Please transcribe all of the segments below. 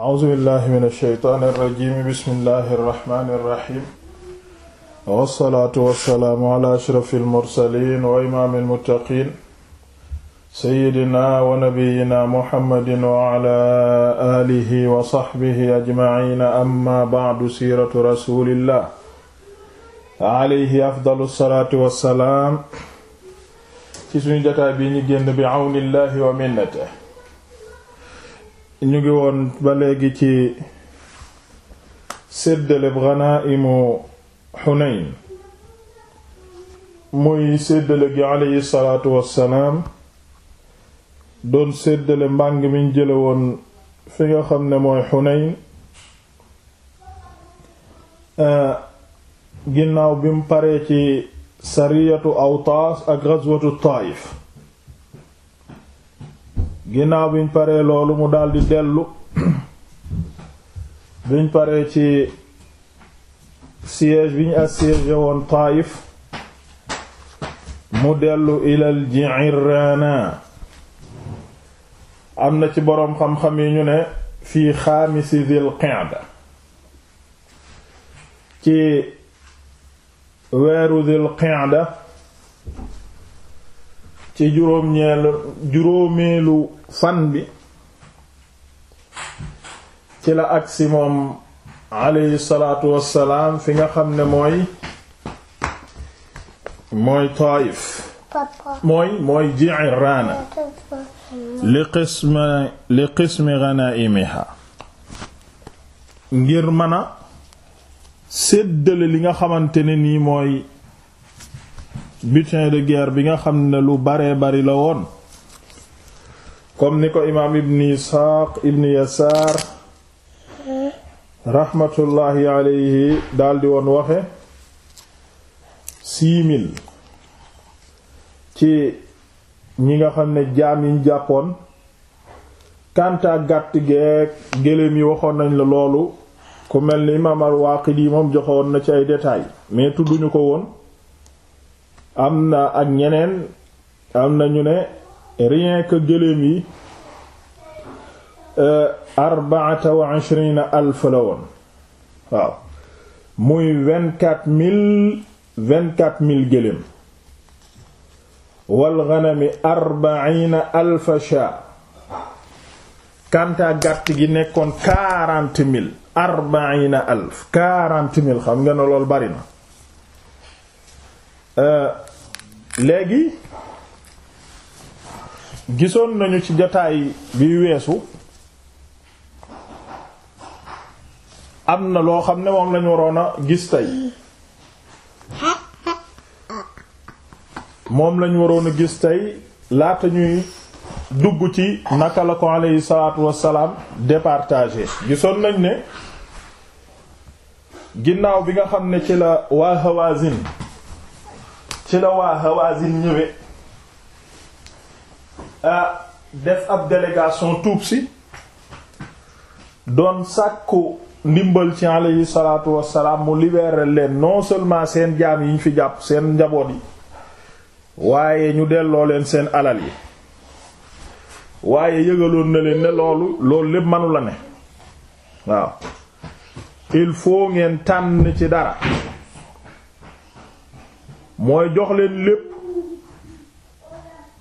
a'uuzu billahi min alsheytaan alrajim bismillahi arrahmani irrahim wassalaatu wassalaamu ala ashrafi almursalin wa imaami almuttaqin seyidina wa nabiyina muhammadin wa ala alihi wa saxbihi ajmaciina amma bacdu siiratu rasulillah alayhi afdalu salaatu wassalaam ci suñu jotaay bi ñu génn bi awnillahi wa minnatihi ñu ngi woon ba léegi ci séddaleb ghanaimu Hunayn muy séddale gi aleyhi salaatu wassalaam doon séddale mbàng miñ jële woon fi nga xam ne mooy Hunayn ginnaaw bi mu paree ci sariyatu Awtaas ak ghazwatu Taayif ginnaaw biñ paree loolu mu daldi dellu biñ paree ci siège biñ assiégé woon Taayif mu dellu ilal Ji'irraana am na ci boroom xam-xam yi ñu ne fii xaamisi Dil Qa'da ci weeru Dil Qa'da ci juróom-ñeelu juróomeelu fan bi ci la agsi moom alayhi salaatu wassalaam fi nga xam ne mooy mooy Taayif mooy mooy Ji'raana li qismi li qismi ghanaa'imiha ngir mën a séddale li nga xamante ne nii mooy butin de guerre bi nga xam ne lu bare bari la woon comme ni ko imaam ibn isxaaq ibn yasaar raxmatullaahi aleyhi daldi woon waxe six ci ñi nga xam ne jaam yiñ jàppoon kàntaa gàtt geek gëléem yi waxoon nañ la loolu ku mel ni imaam al-Waaqidi moom joxoon na ci ay détails mais tudduñu ko woon am na ak ñeneen am na ñu ne rien que gëléem yi euh, arbaata wa ishrina alf la woon waaw muy vingt-quatre mille vingt-quatre mille gëléem wal ghanami arbaina alfa sha kanta gàtt gi nekkoon quarante mille arbaina alf quarante mille xam nga ne loolu bari na euh, léegi gisoon nañu ci jotaay biy weesu am na loo xam ne moom lañu waroon a gis tey moom lañu waroon a gis tey laata ñuy dugg ci naka la ko aleyhi salaatu wassalaam départagé gisoon nañ ne ginnaaw bi nga xam ne ci la waa Hawazin ci la waa Hawazin ñëwee def ab délégation tuub si doon sàkku ndimbal ci alayhi salaatu wassalaam mu libérer leen non seulement seen jaam yi ñu fi jàpp seen njaboot yi waaye ñu delloo leen seen alal yi waaye yëgaloon na leen ne loolu loolu lépp mënu la ne waaw il faut ngeen tànn ci dara mooy jox leen lépp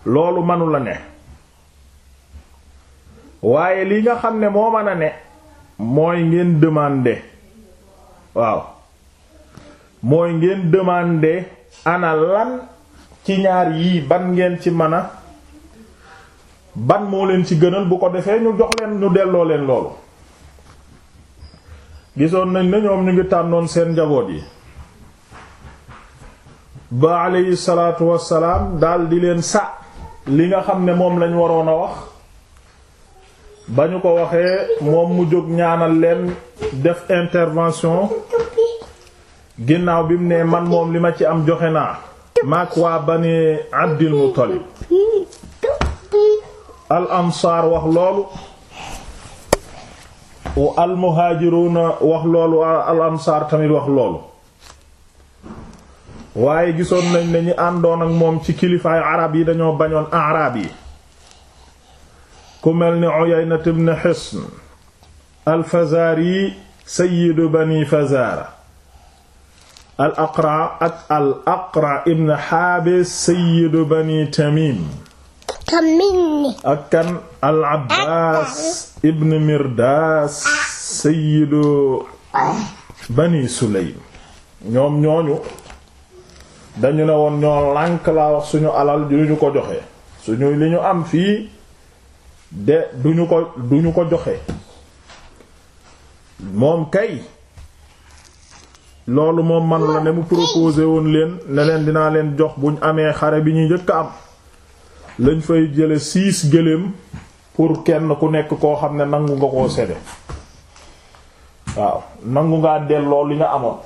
loolu mënu la ne waaye li nga xam ne moo mën a ne mooy ngeen demander waaw mooy ngeen demander ana lan ci ñaar yii ban ngeen ci mën a ban moo leen ci gënal bu ko defee ñu jox leen ñu delloo leen loolu gisoon nañ ne ñoom ñu ngi tànnoon seen njaboot yi ba aleyhi salaatu wassalaam dal leen sa li nga xam ne moom lañ waroon a wax ba ñu ko waxee moom mu jóg ñaanal leen def intervention ginnaaw bi mu ne man moom li ma ci am joxe naa maak waa bani Abdil Muttalib al ansaar wax loolu al muhaajiruuna wax loolu al ansaar tamit wax loolu waaye gisoon nañ ne ñi àndoon ak moom ci kilifaayu arab yi dañoo bañoon araab yi ku mel ni Uyaynat ibn Hisn al-Fazari sayyidu bani Fazara al Aqra ak al Aqra ibn Habis sayyidu bani Tamim ak kan al Abbas ibn Mirdas sayyidu bani Sulaym ñoom ñooñu dañu ne woon ñoo lànk laa wax suñu alal ju ñu ko joxe suñu li ñu am fii de duñu ko duñu ko joxe moom kay loolu moom man la ne mu proposé woon leen ne dinaa leen jox buñ amee xare bi ñuy njëkk am lañ fay jële siis gëléem pour kenn ku nekk koo xam ne nangu nga koo sede waaw nangu ngaa delloo li nga amoon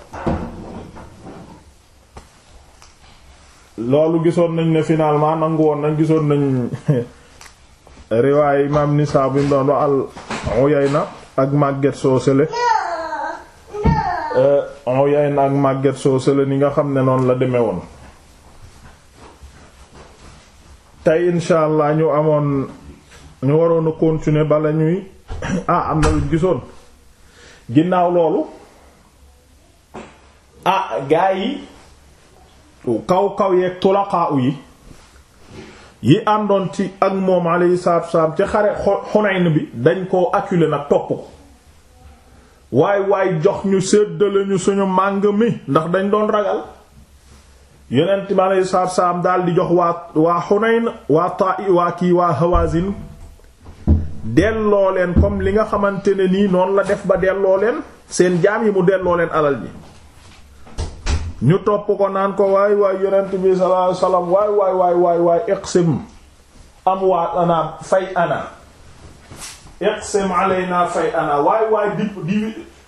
loolu gisoon nañ ne finalement nangu woon nañ gisoon nañ riwaay imaam Nisaa bi mu doon wax al Uyayna ak màgget soo sële euh, Uyayna ak màgget soo sële ni nga xam ne noonu la demee woon tey insha allah ñu amoon ñu waroon a continuer bala ñuy ah am na lu gisoon ginnaaw loolu ah gaa yi kaw kaw yeeg tulaqaa yi yi àndoon ci ak moom alayhi salaatu wassalaam ci xare Xunayn bi dañ koo acculé nag topp ko waay waay jox ñu séddale ñu suñu màng mi ndax dañ doon ragal yonent bi alayhi salaatu wassalaam daal di jox waa waa Xunayn waa Ta'i waa kii waa Hawazin delloo leen comme li nga xamante ne nii noonu la def ba delloo leen seen jaam yi mu delloo leen alal ji ñu topp ko naan ko waay waay yonent bi sallallahu alayhi waay waay waay waay waay iqsim amwaatana fay ana iqsim alayna fay ana waay waay di di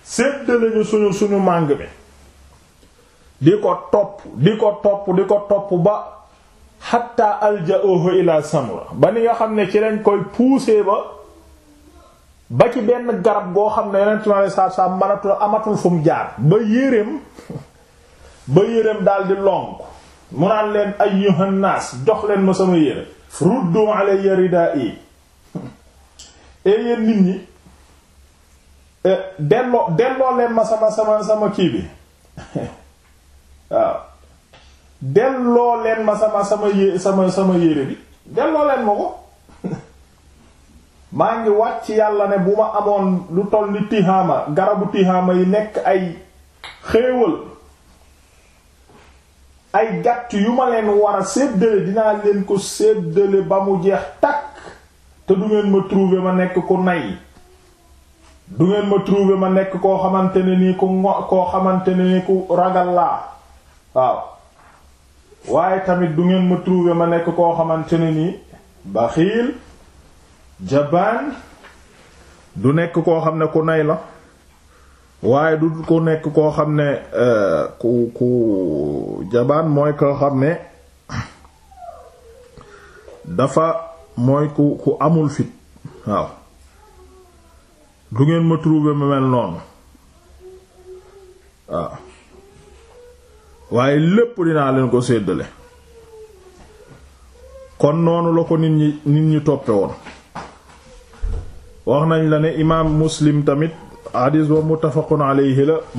sédd suñu suñu màng bi di ko topp di ko topp di ko topp ba xatta alja'uhu ila ba ni nga xam ne ci lañ koy pousser ba ba ci benn garab goo xam ne yonent bi sallallahu alayhi wasallam mënatul amatul fu mu jaar ba yéreem ba yéreem daldi lonk mu naan leen ay naas jox leen ma sama yére ruddu alayya ridaa'i eh, yéen nit ñi eh, delloo delloo leen ma sama sama sama kii bi waaw delloo leen ma sama sama yére bi delloo leen ma ko maa ngi wàcc ci yàlla ne bu ma amoon lu toll ni tihaama garabu tihaama yi nekk ay xéewal ay gàtt yu ma leen war séddale dinaa leen ko séddale ba mu jeex takk te du ngeen ma trouver ma nekk ku nay du ngeen ma trouver ma nekk koo xamante ne nii ku koo xamante ne nii ku ragal laa waaw waaye tamit du ngeen ma trouver ma nekk koo xamante ne nii baxiil jabaan du nekk koo xam ne ku nay la waaye du ku nekk koo xam ne euh, ku ku jabaan mooy koo xam ne dafa mooy ku ku amul fit waaw du ngeen ma trouver ma mel noonu waaw waaye lépp dinaa leen ko seddale kon noonu la ko nit ñi nit ñi toppe woon wax nañ la ne imaam muslim tamit xadiis ba muttafaqun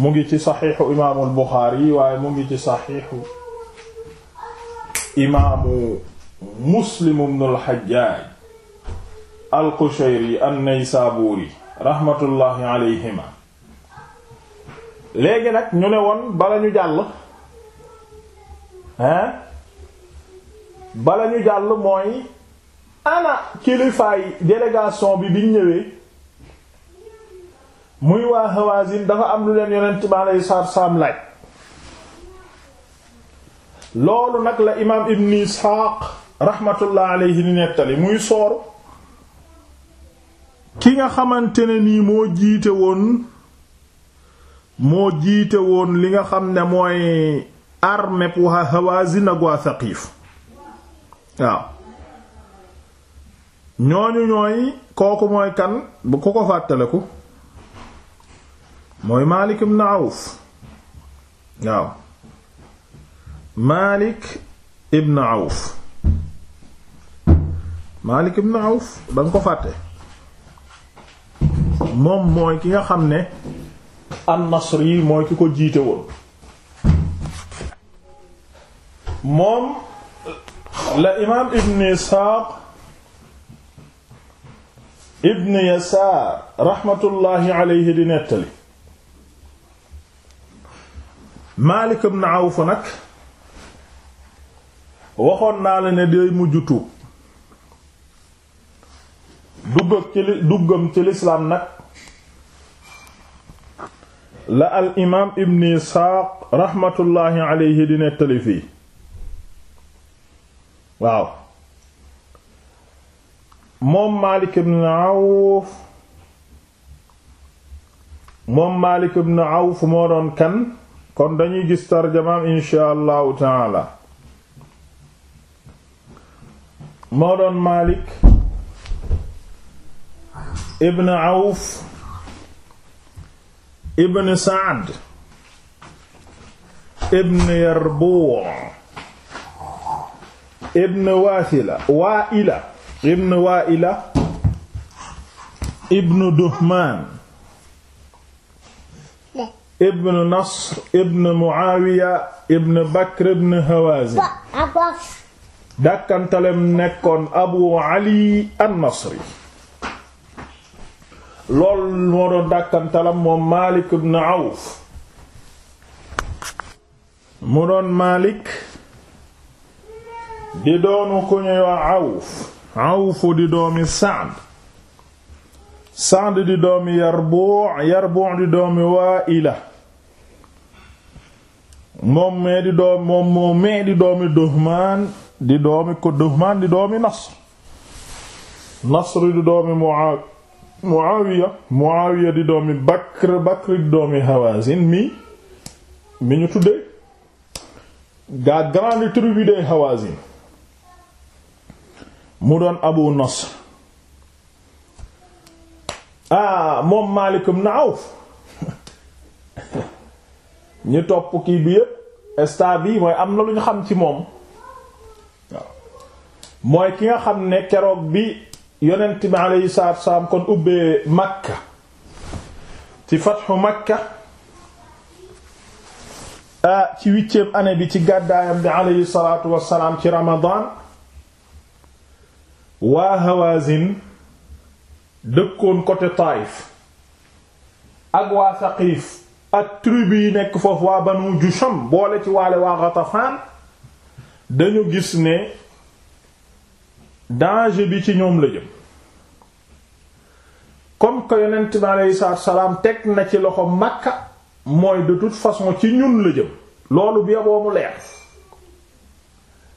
mu ngi ci saxiixu imaamul Buxaari waaye mu ngi ci saxiixu imaamu Muslim ibnul Xajjaaj al-Qushayri an-Naysaabuuri raxmatullaahi léegi nag ñu ne woon bala ñu jàll hein bala ñu jàll mooy ana kilifaay délégation bi biñ ñëwee muy waa Hawazin dafa am lu leen yonent bi aleyhi salaatu laaj loolu nag la imaam Ibn Isxaaq rahmatullah aleyhi ni nettali muy soor ki nga xamante ne nii moo jiite woon moo jiite woon li nga xam ne mooy armée waa Hawazin ak waa Saqiif waaw ñooñu ñooy kooku mooy kan bu ko ko fàttaleku mooy Malik ibn Awf waaw Malik ibn Awf Malik da nga ko fàtte moom mooy ki nga xam ne an-Nasri mooy ki ko jiite woon moom la imaam Ibn Isxaaq Ibn Yasaar raxmatullaahi alayhi di nettali Maalik ibn Awf nag waxoon naa la ne day mujj tuub duggam ci duggam ci lislaam nag la al imaam ibn Isxaaq raxmatullaahi alayhi di nettali waaw moom Maalik ibn Awf moom Maalik ibn Awf moo doon kan kon dañuy gis tarjamaam insha allahu taala moo doon Maalik ibn Awf ibn Saad ibn Yarbu ibn Waasila Waa'ila ibn Waa'ila ibn Duhmaan ibn Nasr ibn Muawiya ibn Bakr ibn Hawazin dàkkantalem nekkoon Abu Ali an-Nasri lool moo doon dàkkantalam moom Malik ibn Awf mu doon Malik di doonu ku ñuy wax Awf Awf di doomi Sa'd Sa'd di doomi Yarbu' Yarbu' di doomi Wa'ila moom mee di doom moom doomi Duhmaan di doomi ko Duhmaan di doomi Nasr Nasr di doomi Muawiya Muawiya Muawiya di doomi Bakr Bakr di doomi Hawazin mi mi ñu tudde gaa grande tribu Hawazin mu doon Abu Nasr ah moom Maalik ibn Awf ñu topp kii bi yëpp star bi mooy am na lu ñu xam ci moom mooy ki nga xam ne keroog bi yonent bi alayhi salaatu wasalaam kon ubbee Makka ci fatxu Makka ah, ci huitième année bi ci gàddaayam bi alayhi salaatu wasalaam ci Ramadan waa Hawazin dëkkoon côté Taïf ak waa Saqif ak tribu yi nekk foofu waa banu Jusham boole ci waale waa Ghatafan dañu gis ne danger bi ci ñoom la jëm comme que yonent bi aleyhi salaam teg na ci loxo Makka mooy de façon ci ñun la jëm loolu bi boobu leer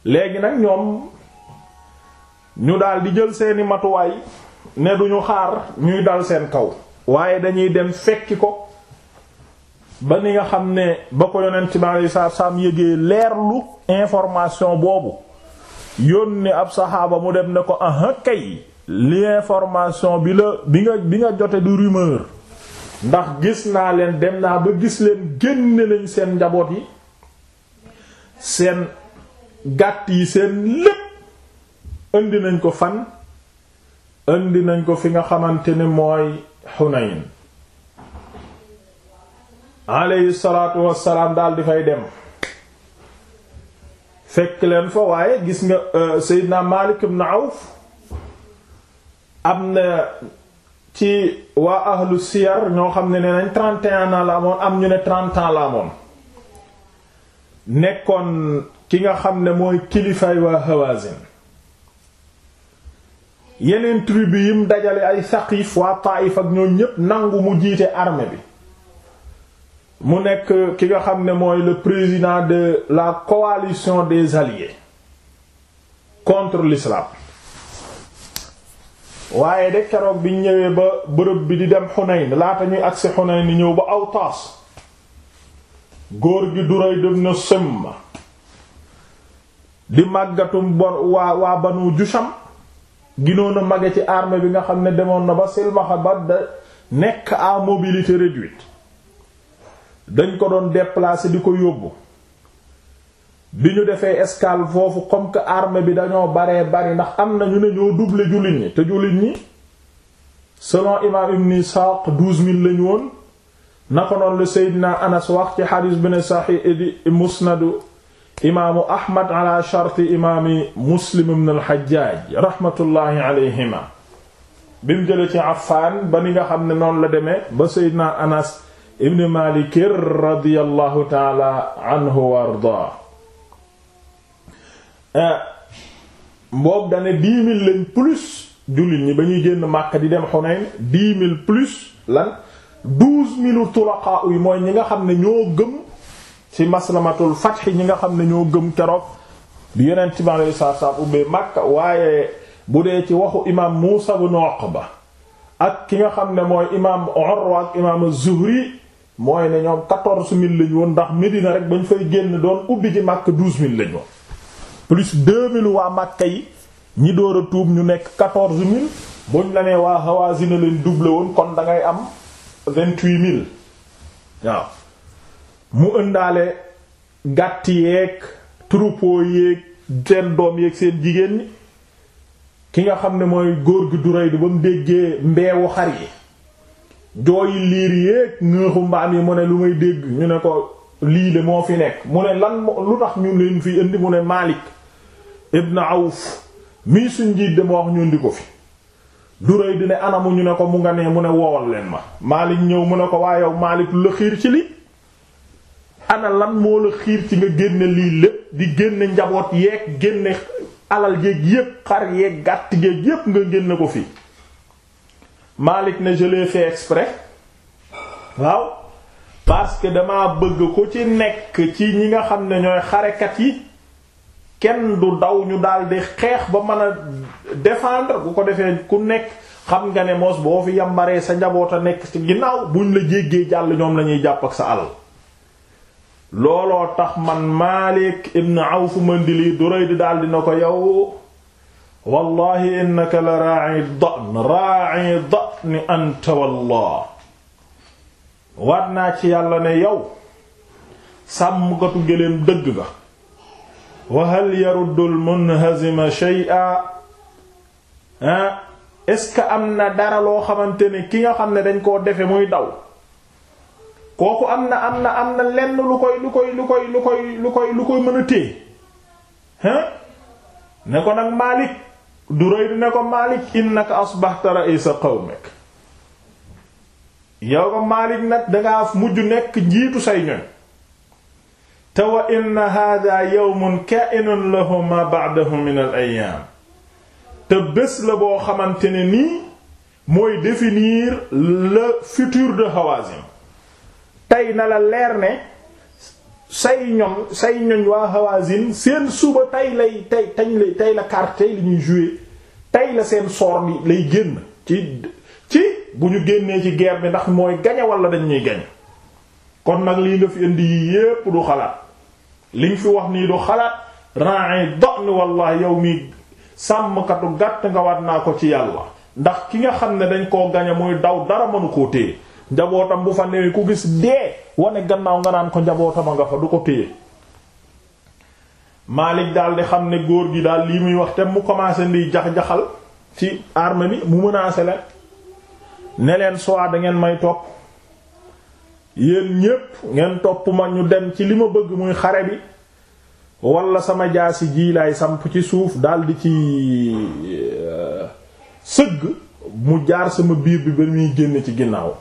léegi nag ñoom ñu daal di jël seeni matuwaay ne duñu xaar ñuy dal seen kaw waaye dañuy dem fekki ko ba ni nga xam ne ba ko yonent bi alayhi salaatu salaam yëgee leerlu information boobu yónni ab saxaaba mu dem na ko aha kay li information bi la bi nga bi nga jote du rumeur ndax gis naa leen dem naa ba gis leen génne nañ seen njaboot yi seen gàtt yi seen lépp indi nañ ko fan indi nañ ko fi nga xamante ne mooy Xunayn aleyhi salaatu wassalaam daal di fay dem fekk leen fa waaye gis nga euh, Seydina Malik ibn Awf am na ci waa ahlu siyar ñoo xam ne nee nañ trente la am ñu ne trente la amoon nekkoon ki nga xam ne mooy kilifaay waa Hawazin yeneen tribu mu dajale ay Saqif waa Taif ak ñoo ñépp nangu mu jiite arme bi mu nekk ki nga xam ne mooy le président de la coalition des alliés contre l'islam waaye de keroog biñ ñëwee ba bërëb bi di dem Xunayn laata ñuy agsi Xunayn ñëw ba aw Awtaas góor gi du Duray ibn Simm di màggatum bon waa waa Banu Jusham ginoon a mage ci armée bi nga xam ne demoon na ba silmaxa ba da nekk à mobilité réduite dañ ko doon déplacer di ko yóbbu bi ñu defee escale foofu comme que arme bi dañoo baree bari ndax am na ñu ne ñoo duble jullit ñi te jullit ñi selon imam ibn Isaaq mille lañu woon naka noonu la Seydina Anas wax ci xadis bi ne saxi di musnadu imaamu Ahmad ala sharti imaami Muslim ibn al-Hajjaj rahmatullahi alayhima bi mu jëlee ci Affaan ba ni nga xam ne noonu la demee ba Seydina Anas ibn Maalik radiyallahu taala anhu wa ardaa boobu eh, dane dix mille plus jullit ñi ba ñuy génn Makka di dem Xunayn dix mille plus lan douze mille tulaqaa yi mooy ñi nga xam ne ñoo gëm ci maslamatul fath ñi nga xam ne ñoo gëm keroog bi yonent bi alayhi salaatu salaam ubbee Makka waaye bu dee ci waxu imaam Muusaa ibn Uqba ak ki nga xam ne mooy imaam ak imaam Az-Zuhri mooy ne ñoom quatorze mille lañ woon ndax Medina rek bañ fay génn doon ubbi ci Makka douze mille lañ woon plus deux waa Makka yi ñi door a tuub ñu nekk quatorze mille buñ la nee waa na leen doublé woon kon dangay am vingt-huit mille waaw mu ëndaale gàtt yeeg troupeau yeeg seen doom yeeg seen jigéen ñi ki nga xam ne mooy góor gi du rey du ba mu déggee mbeewu xar yi yi liir yéeg nëexu mbaam yi mu ne lu may dégg ñu ne ko lii de moo fi nekk mu ne lan lu tax ñu leen fi indi mu ne Malik ibn Awf mii suñ njiit de moo wax ñu indi ko fi duréy di ne anamu ñu ne ko mu nga nee mu ne woowal leen ma Malik ñëw mu ne ko waaye yow Malik lu la xiir ci li ana lan moo la xiir ci nga génne lii lépp di génne njaboot yeeg génne alal yeeg yépp xar yeeg gàtt yeeg yépp nga génne ko fii Malik ne je l'ai fait waaw parce que dama bëgg ku ci nekk ci ñi nga xam ne ñooy xarekat yi kenn du daw ñu daldi xeex ba mën a défendre bu ko defee ku nekk xam nga ne moos boo fi yambaree sa njaboot a nekk ci ginnaaw buñ la jéggee jàll ñoom lañuy jàpp ak sa alal looloo tax man Malik ibn Awf mën du lii di daldi na ko yow wallahi innaka la raa'i da'n raa'i da'n anta wallah waat naa ci yàlla ne yow sàmm sàmmkatu géléem dëgg nga wa hal yaruddu al munhazima shay'a est-ce que am na dara loo xamante ne ki nga xam ne dañ koo defe muy daw kooku am na am na am na lenn lu koy lu koy lu koy lu koy lu koy lu ne ko nag Maalik Durayd ne ko Maalik innaka asbahta ra'isa qawmik yow ko Maalik nag dangaa mujj nekk njiitu say ñoñ te wa inna hada yawmun ka'inun lahu ma ba'dahu min al ayyam te bés la boo xamante ne nii mooy définir le futur de Hawazin tey na la leer ne say ñoom say ñoñ waa Hawazin seen suba tey lay tey tañ lay tey la carte li ñuy jouer tey la seen sor lay génn ci ci bu ñu génnee ci guerre bi ndax mooy gañe wala dañ ñuy gañe kon nag lii nga fi indi yi yépp du xalaat liñ fi wax nii du xalaat ra'i dox wallahi yow mi sàmmkatu gàtt nga waat naa ko ci yàlla ndax ki nga xam ne dañ koo gañe muy daw dara mënu koo téye njabootam bu fa newee ku gis dee wane gannaaw nga naan ko njabootama nga fa du ko téye Malik daal xam ne góor gi daal lii muy wax te mu commencé ndi jax-jaxal ci arme mu menacé leen ne leen soit da ngeen may topp yéen ñépp ngeen topp ma ñu dem ci li ma bëgg muy xare bi wala sama jaasi ji laay samp ci suuf daal di ci euh, sëgg mu jaar sama biir bi ba muy génn ci ginnaaw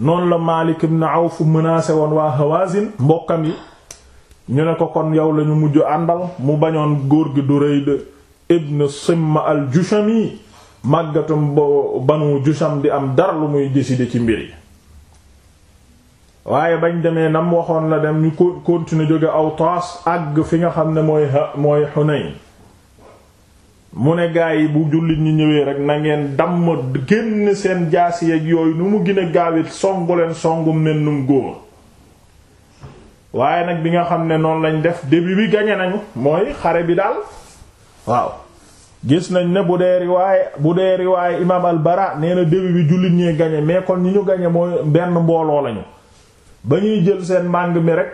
noonu la Maalik ibn Awf menacé woon waa Hawazin mbokkam yi ñu ne ko kon yow lañu mujj àndal mu bañoon góor gi Durayd ibn Simma al-Jushami màggatum bo Banu Jusham di am dara lu muy décider ci mbir yi waaye bañ demee nam waxoon la dem ñu continuer jóge Awtaas àgg fi nga xam ne mooy mooy mu ne gaa yi bu jullit ñi ñëwee rek nangeen damm génn seen jaasi ak yooyu nu mu gën a gaawit songu leen songu mennum góoma waaye nag bi nga xam ne noonu lañu def début bi gañe nañu mooy xare bi daal waaw gis nañ ne bu dee riwaaye bu dee riwaaye imaam al bara nee na bi jullit ñee gañe mais kon ñi ñu gañe mooy benn mbooloo lañu ba ñuy jël seen màng mi rek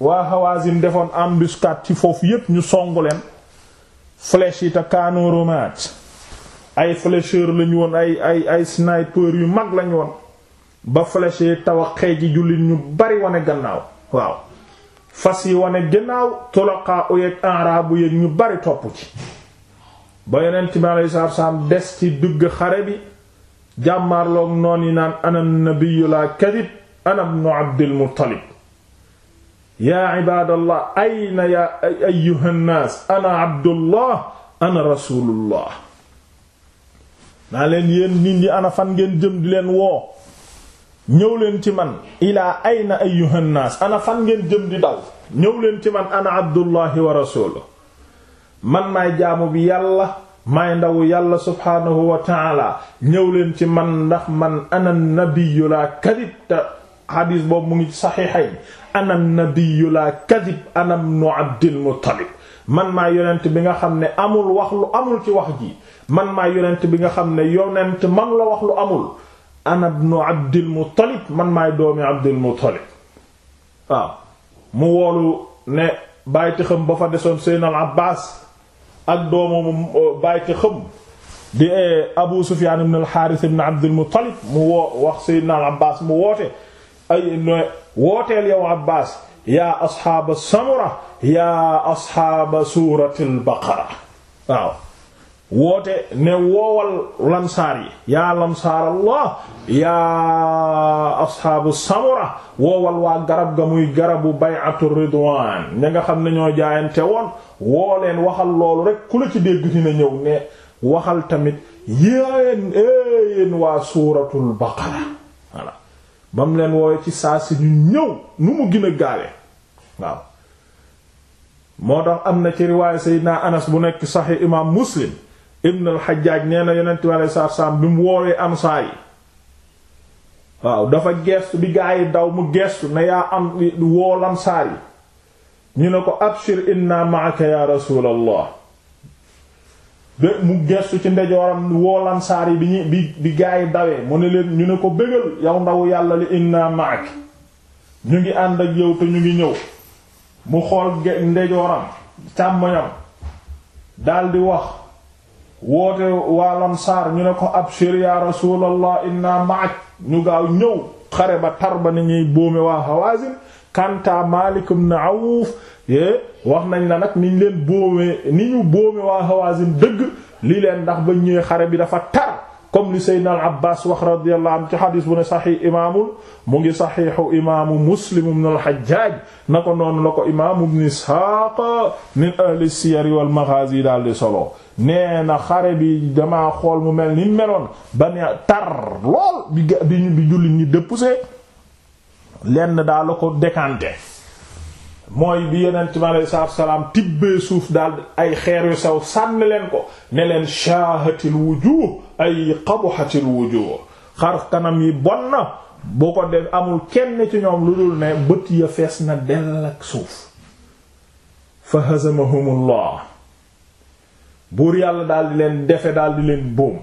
waa Hawazin defoon embuscade ci foofu yépp ñu songu leen flèche yi te kaanu ay flécheur lañu woon ay ay ay yu mag lañu woon ba flèche yi taw a xeej jullit ñu bari wane gannaaw waaw fas yi wane gannaaw toloqaa uyeeg enraabu yeeg ñu bari topp ci ba yonent bi alayhi salaatu des ci digg xare bi jàmmaarloog noon yi naan ana nabiyyu la kadib ana muttalib yaa ibaadallah ayna yaa ayyuhannaas ana abdullah ana rasulullah naa leen yéen nit ana fan ngeen jëm leen woo ñëw ci man ilaa ayna ayyuhannaas ana fan ngeen jëm di daw ñëw leen ci man ana abdullahi wa rasuluh man maay jaamu bi yàlla maay ndaw yàlla subhaanahu wa taala ñëw leen ci man ndax man ana nabiyyu laa xadiis boobu mu ngi ci saxiixayn ana nabiyyu laa man maa yonent bi nga xam ne amul wax lu amul ci wax ji man maa yonent bi nga xam ne yonent man la wax lu amul ana ibnu abdil man maay doomi abdil muttalib waaw mu woolu ne bàyyiti xam ba fa desoon seydna al abbas ak doomu uh, bàyyiti xam di eh, Abu Sufyaan ibn al Haaris ibn Abdul mu woo wax Seydina al Abbaas mu woote ay wooteel yow Abbaas yaa asxaaba samura yaa asxaaba suuratil baqara waaw woote ne woowal lamsaar yi yaa lamsaar allah yaa asxaabu samura woowal waa garab ga muy garabu bay'atu ridwaan ña nga xam ne ñoo jaayante woon woo waxal loolu rek ku la ci dégg dina ñëw ne waxal tamit yéen éeyéen eh, waa suuratul baqara ba mu leen woowe ci saa si ñu ñëw nu mu gën a waaw moo tax am na ci riwaaye Seydina Anas bu nekk saxi imaam Muslim ibn al nee na yonent bi alayhi salaatu bi mu woowee ansaar yi waaw dafa geestu bi gaa yi daw mu geestu ne yaa am woolan saar yi ñu ne ko abshir inna ma'aka ya rasulallah mu gestu ci ndejooram woo lansaar yi bi ñu bi bi gaay dawee mu ne leen ñu ne ko bégal yow ndawu yàlla li inna maak ñu ngi ànd ak yow te ñu ngi ñëw mu xool ndejooram càmmoñam daldi wax woote waa ñu ne ko abshir ya rasulallah inna maak ñu gaaw ñëw xare ba tar ba ni ñuy bóome waa hawazin kanta Malik ibn Awf wax nañ la nag niñ leen boome ni ñu boome waa Hawazin dëgg lii leen ndax ba ñëwee xare bi dafa tar comme li Seydina al Abbas wax radiyallahu anhu ci xadis bu ne saxi imaamul mu ngi saxiixu imaamu Muslim ibn al Hajjaj na ko noonu la ko imaamu ibn Ishaq min ahli siyar wal maghazi daal di solo nee na xare bi damaa xool mu mel ni meloon ba ne tar lool bi bi jullit ñi dëppusee lenn daa la ko décanté mooy bi yonent bi aleyhi salaatu salaam tibbee suuf daal ay xeer yu sew sànni leen ko ne leen wu wujuh ay qabuhatil wujuh xar kanam yi bon na boo ko def amul kenn ci ñoom lu dul ne bët ya fees na dell ak suuf fa hazamahumullah buur yàlla daal di leen defe daal di leen boom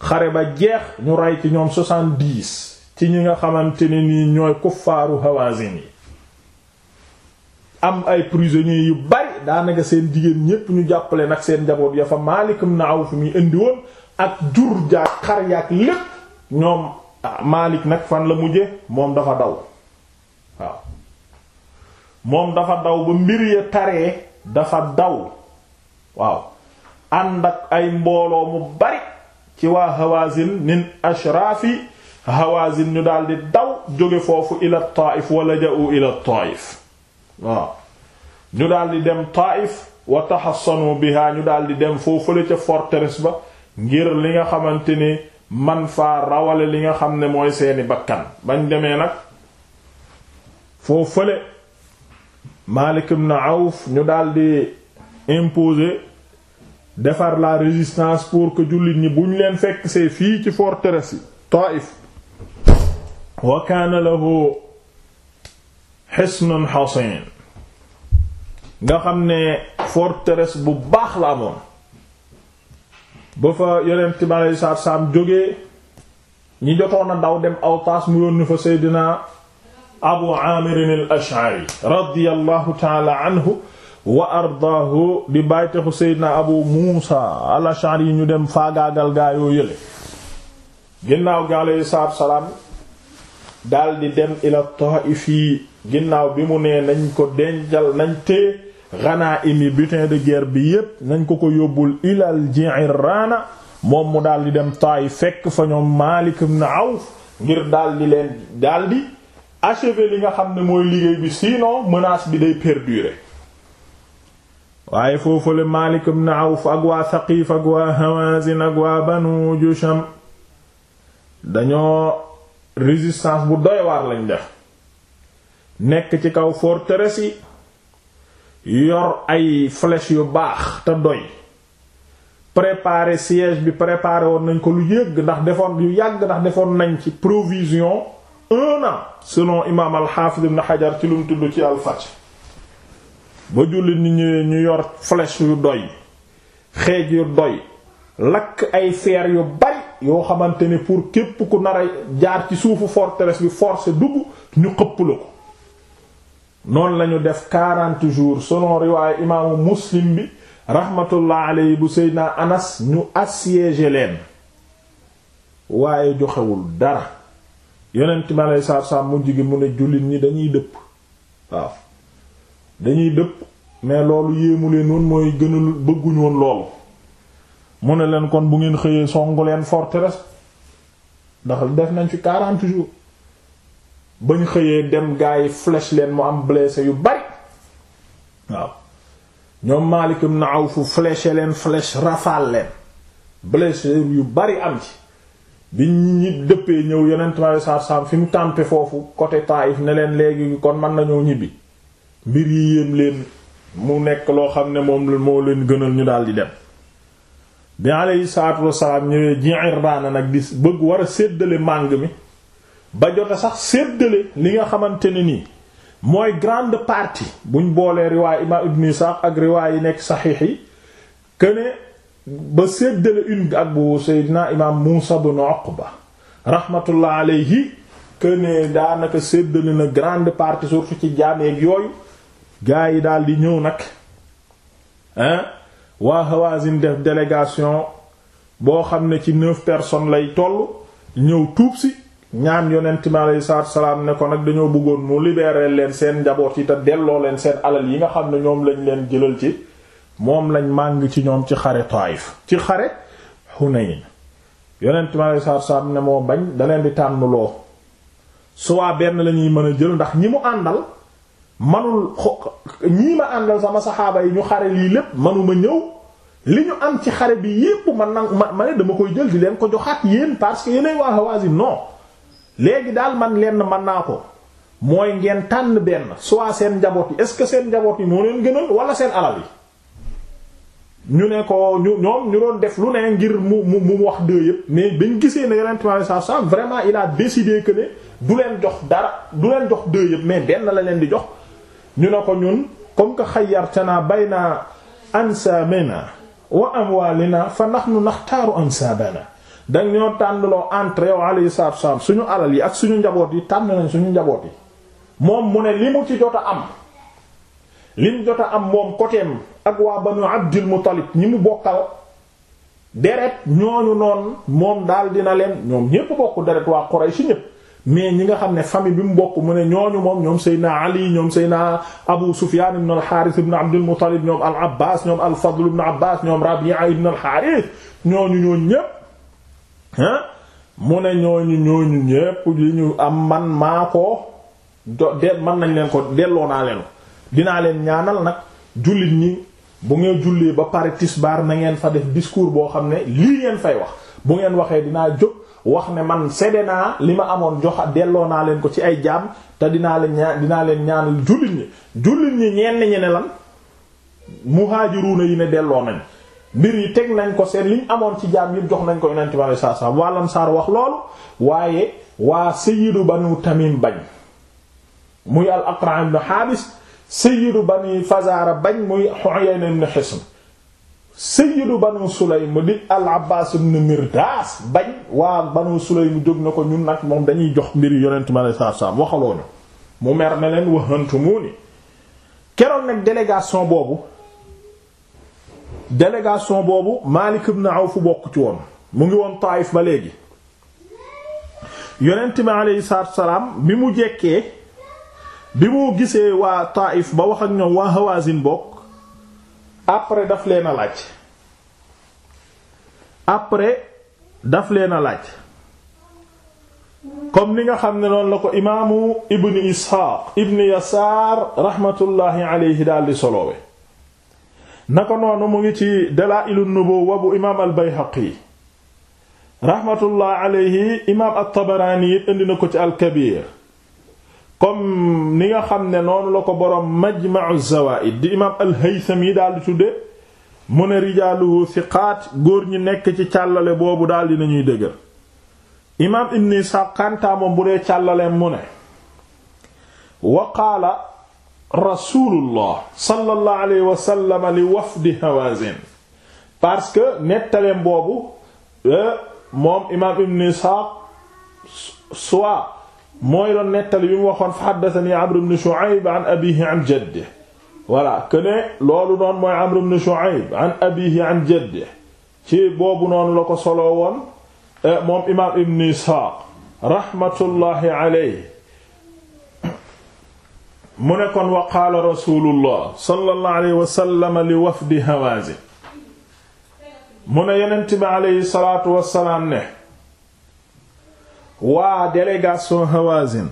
xare ba jeex ñu rey ci ñoom soixante-dix ci ñi nga xamante ne nii ñooy kuffaaru Hawazin yi am ay prisonniers yu bari daanaka seen jigéen ñépp ñu jàppale nag seen njaboot ya fa Maalik ibn Awf mi ak jur jaag xar ñoom ah, Maalik nag fan la mujje moom dafa daw waaw moom dafa daw ba mbir ya taree dafa daw waaw ànd ak ay mbooloo mu bari ci waa Hawazin nin ashraafi Hawazin ñu daal di daw jóge foofu ila Taif wa laja'u ila Taif waaw ñu daal di dem Taif wa tahassanu biha ñu daal di dem foofule ca forteresse ba ngir li nga xamante ni man faa rawale li nga xam ne mooy seeni bakkan bañ demee nag foofule Malik na Auf ñu daal di imposer defar la résistance pour que jullit ñi buñ leen fekk see fii ci forteresse yi Taif wa kaana lahu xisnun xasin nga xam ne forteresse bu baax la amoon ba fa yonent bi aleyhi salaatu salaam jógee ñi jotoon daw dem Awtaas mu yónni fa Seydina Abu Aamir al-Ash'ari radiyallahu ta'ala anhu wa ardaahu di bàytaxu Seydina Abu Muusa al ñu dem faagaagal gaayoo yële ginnaaw gi aleyhi salaam daldi dem ila Taif yi ginnaaw bi mu nee nañ ko dencal nañ tee ghanaim yi butin de guerre bi yépp nañ ko ko yóbbul ilal Ji'rana moom mu daldi dem Taif fekk fa ñoom Malik ibn Awf ngir daldi leen daldi achever li nga xam ne mooy liggéey bi sinon menace bi day perdurer waaye foofule Malik ibn Awf ak waa Saqif ak waa Hawazin ak waa Banu Jusham dañoo résistance bu doy waar lañ def nekk ci kaw forteresse yi yor ay flèches yu baax te doy préparer siège bi préparer woon nañ ko lu yëgg ndax defoon yu yàgg ndax defoon nañ ci provision un an selon imaam al-Hafiz ibn Hajar ci lu mu tudd ci al ba jullit ni ñëwee ñu yor flèche yu doy xeej yu doy lakk ay feer yu bari yoo xamante ne pour képp ku nara jaar ci suufu forteresse bi forcé dugg ñu xëpp la ko noonu lañu def 40 jours selon riwaaye imaamu muslim bi rahmatullah alayhi bu seydna anas ñu assiégé leen waaye joxewul dara yonent mi alei saatu salaam mujj gi mu ne jullit ñi dañuy dëpp waaw dañuy dëpp mais loolu yéemu leen woon mooy gënal bëgguñ woon mu ne leen kon bu ngeen xëyee songu leen forteresse ndax def nañ fi 40 jours bañ xëyee dem gaa yi flèche leen mu am blessé yu bari waaw ñoom Maalik ibn Awf flèche leen flèche rafale leen blessé yu bari am ci bi ñi dëppee ñëw yonent ma saar-saam fi mu campé foofu côté Taïf ne leen léegi kon mën nañoo ñibbi mbir yi yéem leen mu nekk loo xam ne moom moo leen gënal ñu daal di dem bi alayhi salaatu wassalaam ñëwee Ji'irraana nag di bëgg war a séddale màng mi ba jote sax séddale li nga xamante ne nii mooy grande partie buñ boolee riwaay imaam Ibn Isaaq ak riwaay yi nekk saxiix yi këne ba séddale une ak bu Seydina imaam Muusa ibn Uqba rahmatullah alayhi këne daanaka séddale na grande partie surtout ci jaaneeg yooyu gaa yi daal di ñëw nag hein waa Hawazin def délégation boo xam ne ci neuf personnes lay toll ñëw tuub si ñaan yonent mi aleyhi salaam ne ko nag dañoo bëggoon mu libérer leen seen njaboot yi te delloo leen seen alal yi nga xam ne ñoom lañ leen jëlal ci moom lañ màng ci ñoom ci xare Taayif ci xare Hunayn yonent mi aleyhi salaatu salaam ne moo bañ da leen di tànnloo soit benn lañuy mën a jël ndax ñi mu àndal. manul xo ñii ma àndal sama saxaaba yi ñu xare lii lépp manuma ñëw li ñu am ci xare bi yépp man nag ma ma ne dama koy jël di leen ko joxaat yéen parce que yéenay waa waa Hawazin no léegi daal man lenn man naa ko mooy ngeen tànn benn soit seen njaboot yi est ce que seen njaboot yi moo leen gënal wala seen alal yi ñu ne ko ñu ñoom ñu doon def lu ne ngir mu mu mu wax dëgg yépp mais ñu gisee ne yonent Yàlla sa sa vraiment il a décidé que ne du leen jox dara du leen jox dëgg mais benn la leen di jox ñu ne ko ñun comme que xayar xayyartana bayna ansaabina wa amwaalina fa nahnu naxtaaru ansaabana dañ ñoo tànnloo entre yow alayhi salaatu wassalaam suñu alal yi ak suñu njaboot yi tànn nañ suñu njaboot yi moom mu ne li mu ci jot a am lim jot a am moom koteem ak waa banu Abdul Muttalib ñi mu bokkal deret ñooñu noonu moom daal na leen ñoom ñépp bokk deret waa Quraysh ñépp mais ñi nga xam ne famille bi mu bokk mu ne ñooñu moom ñoom Seydina Ali ñoom Seydina Abu Sufyan ibn al-Harith ibn Abdul Muttalib ñoom al-Abbas ñoom al-Fadl ibn Abbas ñoom Rabi'a ibn al-Harith ñooñu ñooñu ñépp ah mu ne ñooñu ñooñu ñépp li ñu am man maa ko do de mën nañ leen ko delloo naa leen dinaa leen ñaanal nag jullit ñi bu ngeen jullee ba pare tisbaar na ngeen fa def discours boo xam ne lii ngeen fay wax bu ngeen waxee dinaa jóg. wax ne man sede naa li ma amoon jox delloo naa leen ko ci ay jaam te dinaa leen ñaan dinaa leen ñaan jullit ñi jullit ñi ñenn ñi ne lan muhaajiruuna yi ne delloo nañ mbir yi teg nañ ko seen liñ amoon ci jaam yëpp jox nañ ko yonent ci sallallahu alayhi wasallam waa Ansaar wax loolu waaye waa sayyidu banu Tamim bañ muy al Aqra' ibn Haabis sayyidu bani Fazaara bañ muy Uyayna ibn Hisn sayyidu banu sulaym di al abbaas ibn mirdaas bañ waa banu sulaym jóg na ko ñun nag moom dañuy jox mbir yonent ma lay saab waxaloo ñu mu mer ne leen waxantumuuni keroog nag délégation boobu délégation boobu Maalik ibn Awf bokk ci woon mu ngi woon Taayif ba léegi yonent mi aleyhi salaam bi mu jekkee bi mu gisee waa Taayif ba wax ak ñoom waa Hawaazin bokk après daf leen a laaj daf leen a laaj comme ni nga xam ne noonu la ko imaamu ibn isxaaq ibn yasaar raxmatullaahi di daldi soloowe naka noonu mu ngi ci dalaa'ilu nubuwwa bu imaam al bayhaqi raxmatullaahi aleyhi imaam at tabaraani it indi na ko ci al kabiir comme ni nga xam ne noonu la ko boroom majma'u zawaid di imaam al-Haythami daal di tudde mu ne rijaaluhu thiqaat góor ñi nekk ci càllale boobu daal di nañuy dëgër imaam ibn Isxaaq kantaa moom bu dee càllale mu ne wa qaala rasulullah sallallahu alayhi li wafdi Hawaazin parce que nettaleem boobu euh, moom imaam ibn Isxaaq soit mooy doon nettali bi mu waxoon fa haddathani Amr ibn Shu'ayb an abiihi an jaddihi voilà que loolu noonu mooy Amr ibn Shu'ayb an abiihi an jaddihi ci boobu noonu la ko soloo woon eh, moom imaam Ibn Isxaaq rahmatullahi alayhi mu ne kon wa qaala rasuulullah sallallahu alayhi wa li wafdi Hawaazin mu ne yonent bi alayhi salaatu wa ne waa délégation Hawazin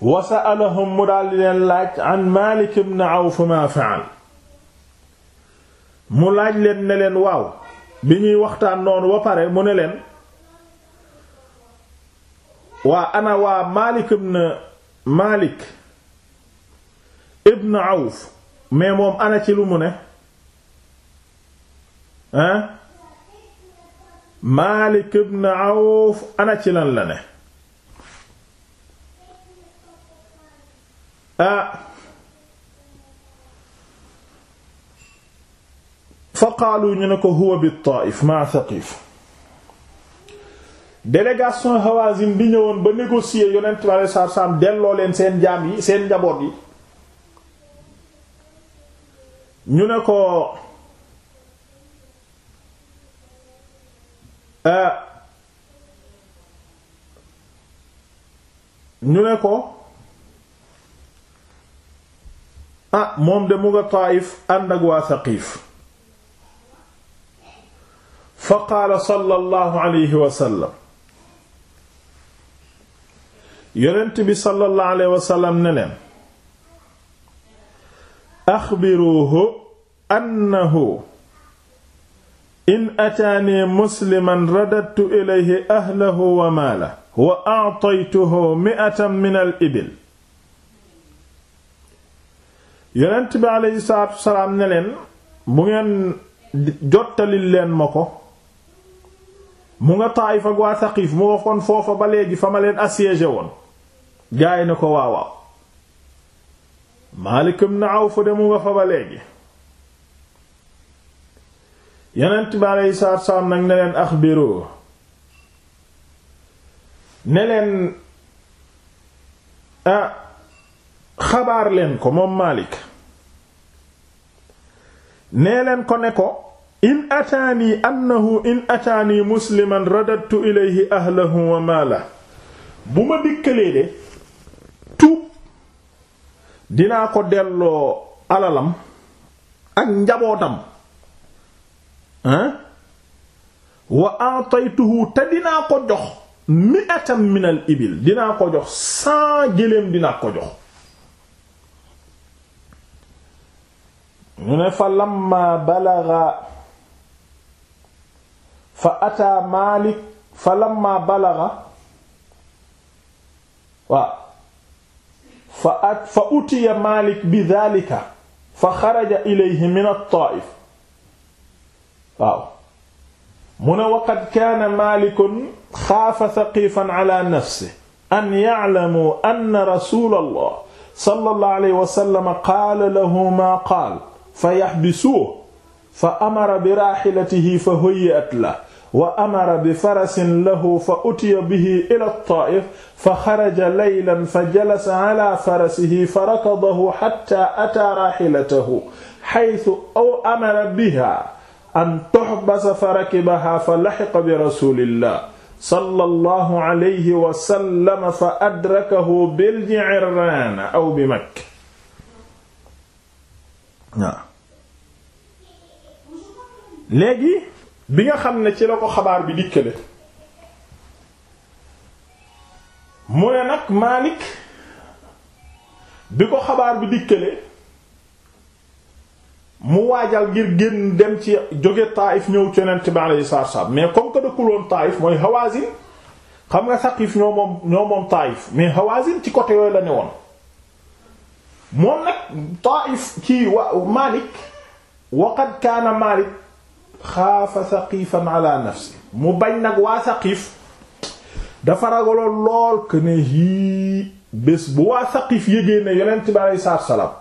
wa sa'alahum mu daldi leen laaj an Maalik ibn ma fa'al mu laaj leen ne waaw bi ñuy waxtaan noonu ba pare mu ne leen waa ana waa Maalik ibn Maalik ibn moom ana ci lu mu ne Maalik ibn Awf ana ci lan la ne fa qaalu ñu ne ko huwa bi Taif ma Thaqif délégation Hawazin bi ñëwoon ba négocier yonent bi alei satu salaam delloo leen seen jaam yi seen njaboot yi ñu ne ko Euh, ñu ne ko ah moom de mu nga Taayif ànd ak waa Saqiif fa qaala sallallahu alayhi wa sallam bi sallallahu alayhi wa sallam ne leen axbiruuhu annahu in ataani musliman radadtu ilayhi ahlahu wa maalahu wa a'taytuhu mi'atan min al-ibil yonent bi aleyhi salaatu wasalaam ne leen bu ngeen jottalil leen ma ko mu nga Taayif ak waa Saqiif mu waxoon foofa ba léegi fa ma leen assiégé woon gaay na ko waawaaw Maalik ibn Awf mu nga fa ba léegi yonent bi aleyhi salaatu salaam nag ne leen axbiroo xabaar leen ko moom Maalik nee leen ko ne ko in ataanii annahu in ataanii musliman radattu ilayhi ahlahu wa maala bu ma dikkalee de tuub dinaa ko delloo alalam ak njabootam ah wa a'taytuhu te dinaa ko jox mi'atan min al ibil dinaa ko jox cent gëléem dinaa ko jox mu ne fa lamma balaga fa ataa maalik fa lamma balaga waaw fa at fa utiya maalik bi daalika fa xaraja ilayhi min at-taa'if waaw mu ne waqad kaana maalikun xaafa thaqifan ala nafsi an ya'lamu anna rasulallah sallallahu alayhi wa sallam qaala lahu maa qaal fa yaxbisuuhu fa amara bi raaxilatihi fa hoyyi'at lahu wa amara bi farasin lahu fa utiya bihi ila taa'if fa xaraja laylan fa jalasa ala farasihi fa rakadahu xatta ataa raaxilatahu xaytu aw amara biha an tuhbasa fa rakibahaa fa laxiqa bi rasulillah sallallahu alayhi wa sallam fa adrakahu bil Ji'irraan aw bi Makka waaw léegi bi nga xam ne ci la ko xabaar bi dikkale mu ne nag Maalik bi ko xabaar bi dikkale mu waajal ngir génn dem ci jóge Taif ñëw ci yonent bi alayhi salaam mais comme que dëkkul woon Taif mooy Hawazin xam nga Saqif ñoo moom ñoo moom Taif mais Hawazin ci côté yooyu la ne woon moom nag Taif ci wa Malik wa qad kaana nag waa Saqif dafa ragaloon lool que ne yii bu waa Saqif yégee ne yonent bi alayhi salaam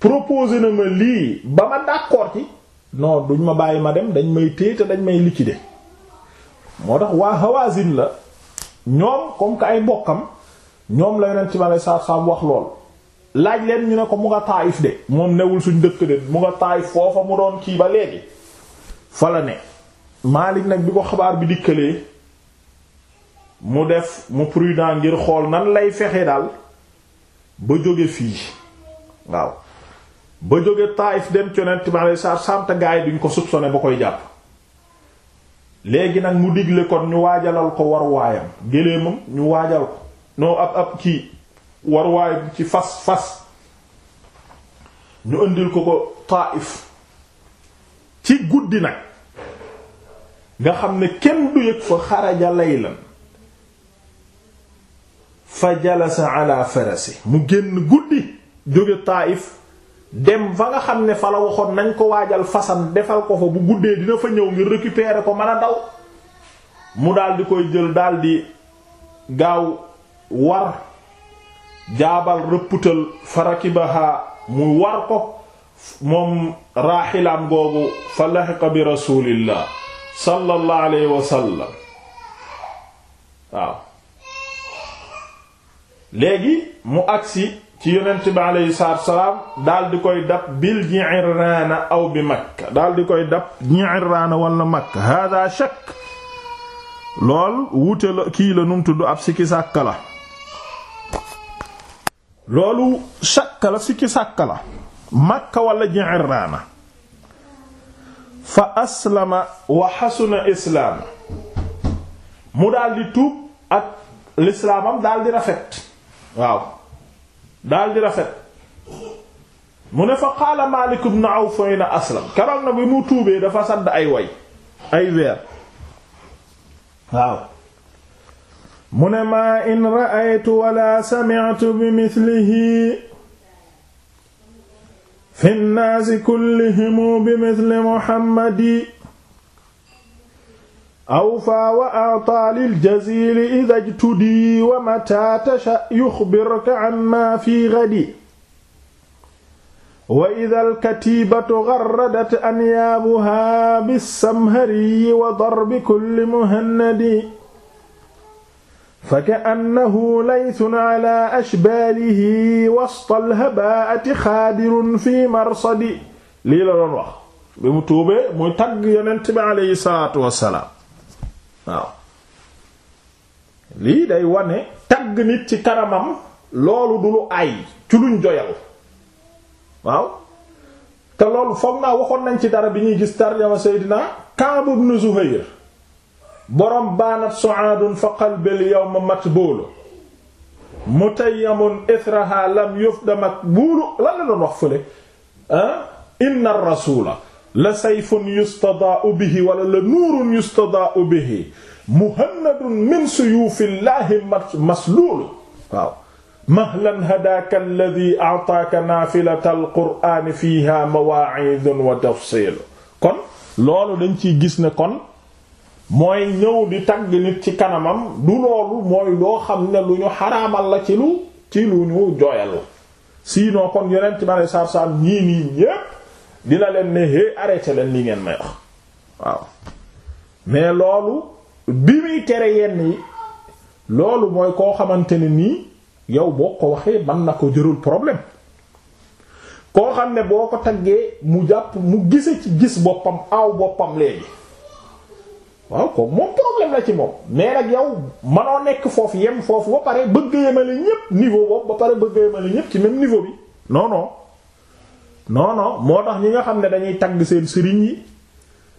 proposé na ma lii ba ma d'accord ci non duñ ma bàyyi ma dem dañ may téye te dañ may de moo tax waa Hawazin la ñoom comme que ay mbokkam ñoom la yonent ci ma lay saabsaab wax lool laaj leen ñu ne ko mu nga Taayif de moom newul suñ dëkk de mu nga Taayif foofa mu doon kii ba léegi fa la ne Maalik nag bi ko xabaar bi dikkalee mu def mu prudent ngir xool nan lay fexe daal ba jóge fii waaw. ba jóge Taayif dem ci Yonent bi alayhi salaatu salaam te gaay ko soupçonné ba koy jàpp léegi nag mu digle kon ñu waajalal ko war waayam géléemam ñu waajal ko noo ab ab ci war ci fas fas ñu indil ko ko Taayif ci guddi nag nga xam ne kenn du yëg fa xaraja laylan fa jalasa ala farasi mu génn guddi jóge Taayif dem fa nga xam ne fa la waxoon nañ ko waajal fasan defal ko fa bu guddee dina fa ñëw ngir récupérer ko mën a daw mu daldi koy jël daldi di gaaw war jaabal rëpputal farakibaha mu war ko moom raaxilaam googu fa laxiqa bi rasulillah sallallahu alayhi wa waaw léegi mu agsi ci yonent bi aleyhi salaam daal di koy dab bil Ji'irraana aw bi Makka daal di koy dab Ji'irraana wala Makka hada shakk lool wuute la kii la num tudd ab sikki sàkka la loolu shakka la sikki sàkka la Makka wala Ji'irraana fa aslama wa xasuna islaam mu daal di tuub ak lislaamam daal di rafet waaw daal di rafet mu ne fa qaala Maalik ibn Awf na aslam keroog na bi mu tuubee dafa sadd ay way ay weer waaw mu ne maa in ra'aytu wala sami'tu bi mithlihi fi nnaasi kullihim bi mithli Muhammadi awfaa wa a'taa lil jaziili idhaa ijtudii wa mataa tashaa yuxbiruka ammaa fii ghadi wa idhal katiibatu gharradat anyaabuhaa bis-samhariyyi wa darbi kulli muhannadi فكأنه ليث على أشباله وسط الهباءة خادر في مرصد lii la doon wax bi mu tuubee muy tagg yonent bi aleyhi salaatu wassalaam waaw lii day wane tagg nit ci kanamam loolu du lu ay ci luñ joyal waaw te loolu foog naa waxoon nañ ci dara bi ñuy gis tarjama Seydina Kaab ibn Zuhayr borom baanat su'aadun fa qalbil yawma matbuulu mutayyamun ithraha lam yufda makbuulu lan la doon wax fële ah? inna rasula la sayfun yustadaa'u bihi wala la nuurun yustadaa'u bihi muhannadun min suyuufillaahi masluulu waaw mahlan hadaaka alladhi a'taaka naafilatal qur'aani fiihaa mawaa'idun wa tafsiil kon loolu dañ ciy gis ne kon mooy ñëw di tagg nit ci kanamam du loolu mooy loo xam ne lu ñu xaraamal la ci lu ci lu ñu jooyal sinon kon yeneen ci ma ne saar saar ñii nii ñépp dina leen ne hé arrêté leen li ngeen may wax waaw mais loolu bi muy tere yenn yi loolu mooy koo xamante ne nii yow boo ko waxee man na ko jërul problème koo xam ne boo ko taggee mu jàpp mu gise ci gis boppam aw boppam léegi waaw ko moom problème la ci moom mais nag yow manoo nekk foofu yem foofu ba pare bëgg yemale ñépp niveau boobu ba pare bëgg yemale ñépp ci même niveau bi non non moo tax ñi nga xam ne dañuy tagg seen sëriñ yi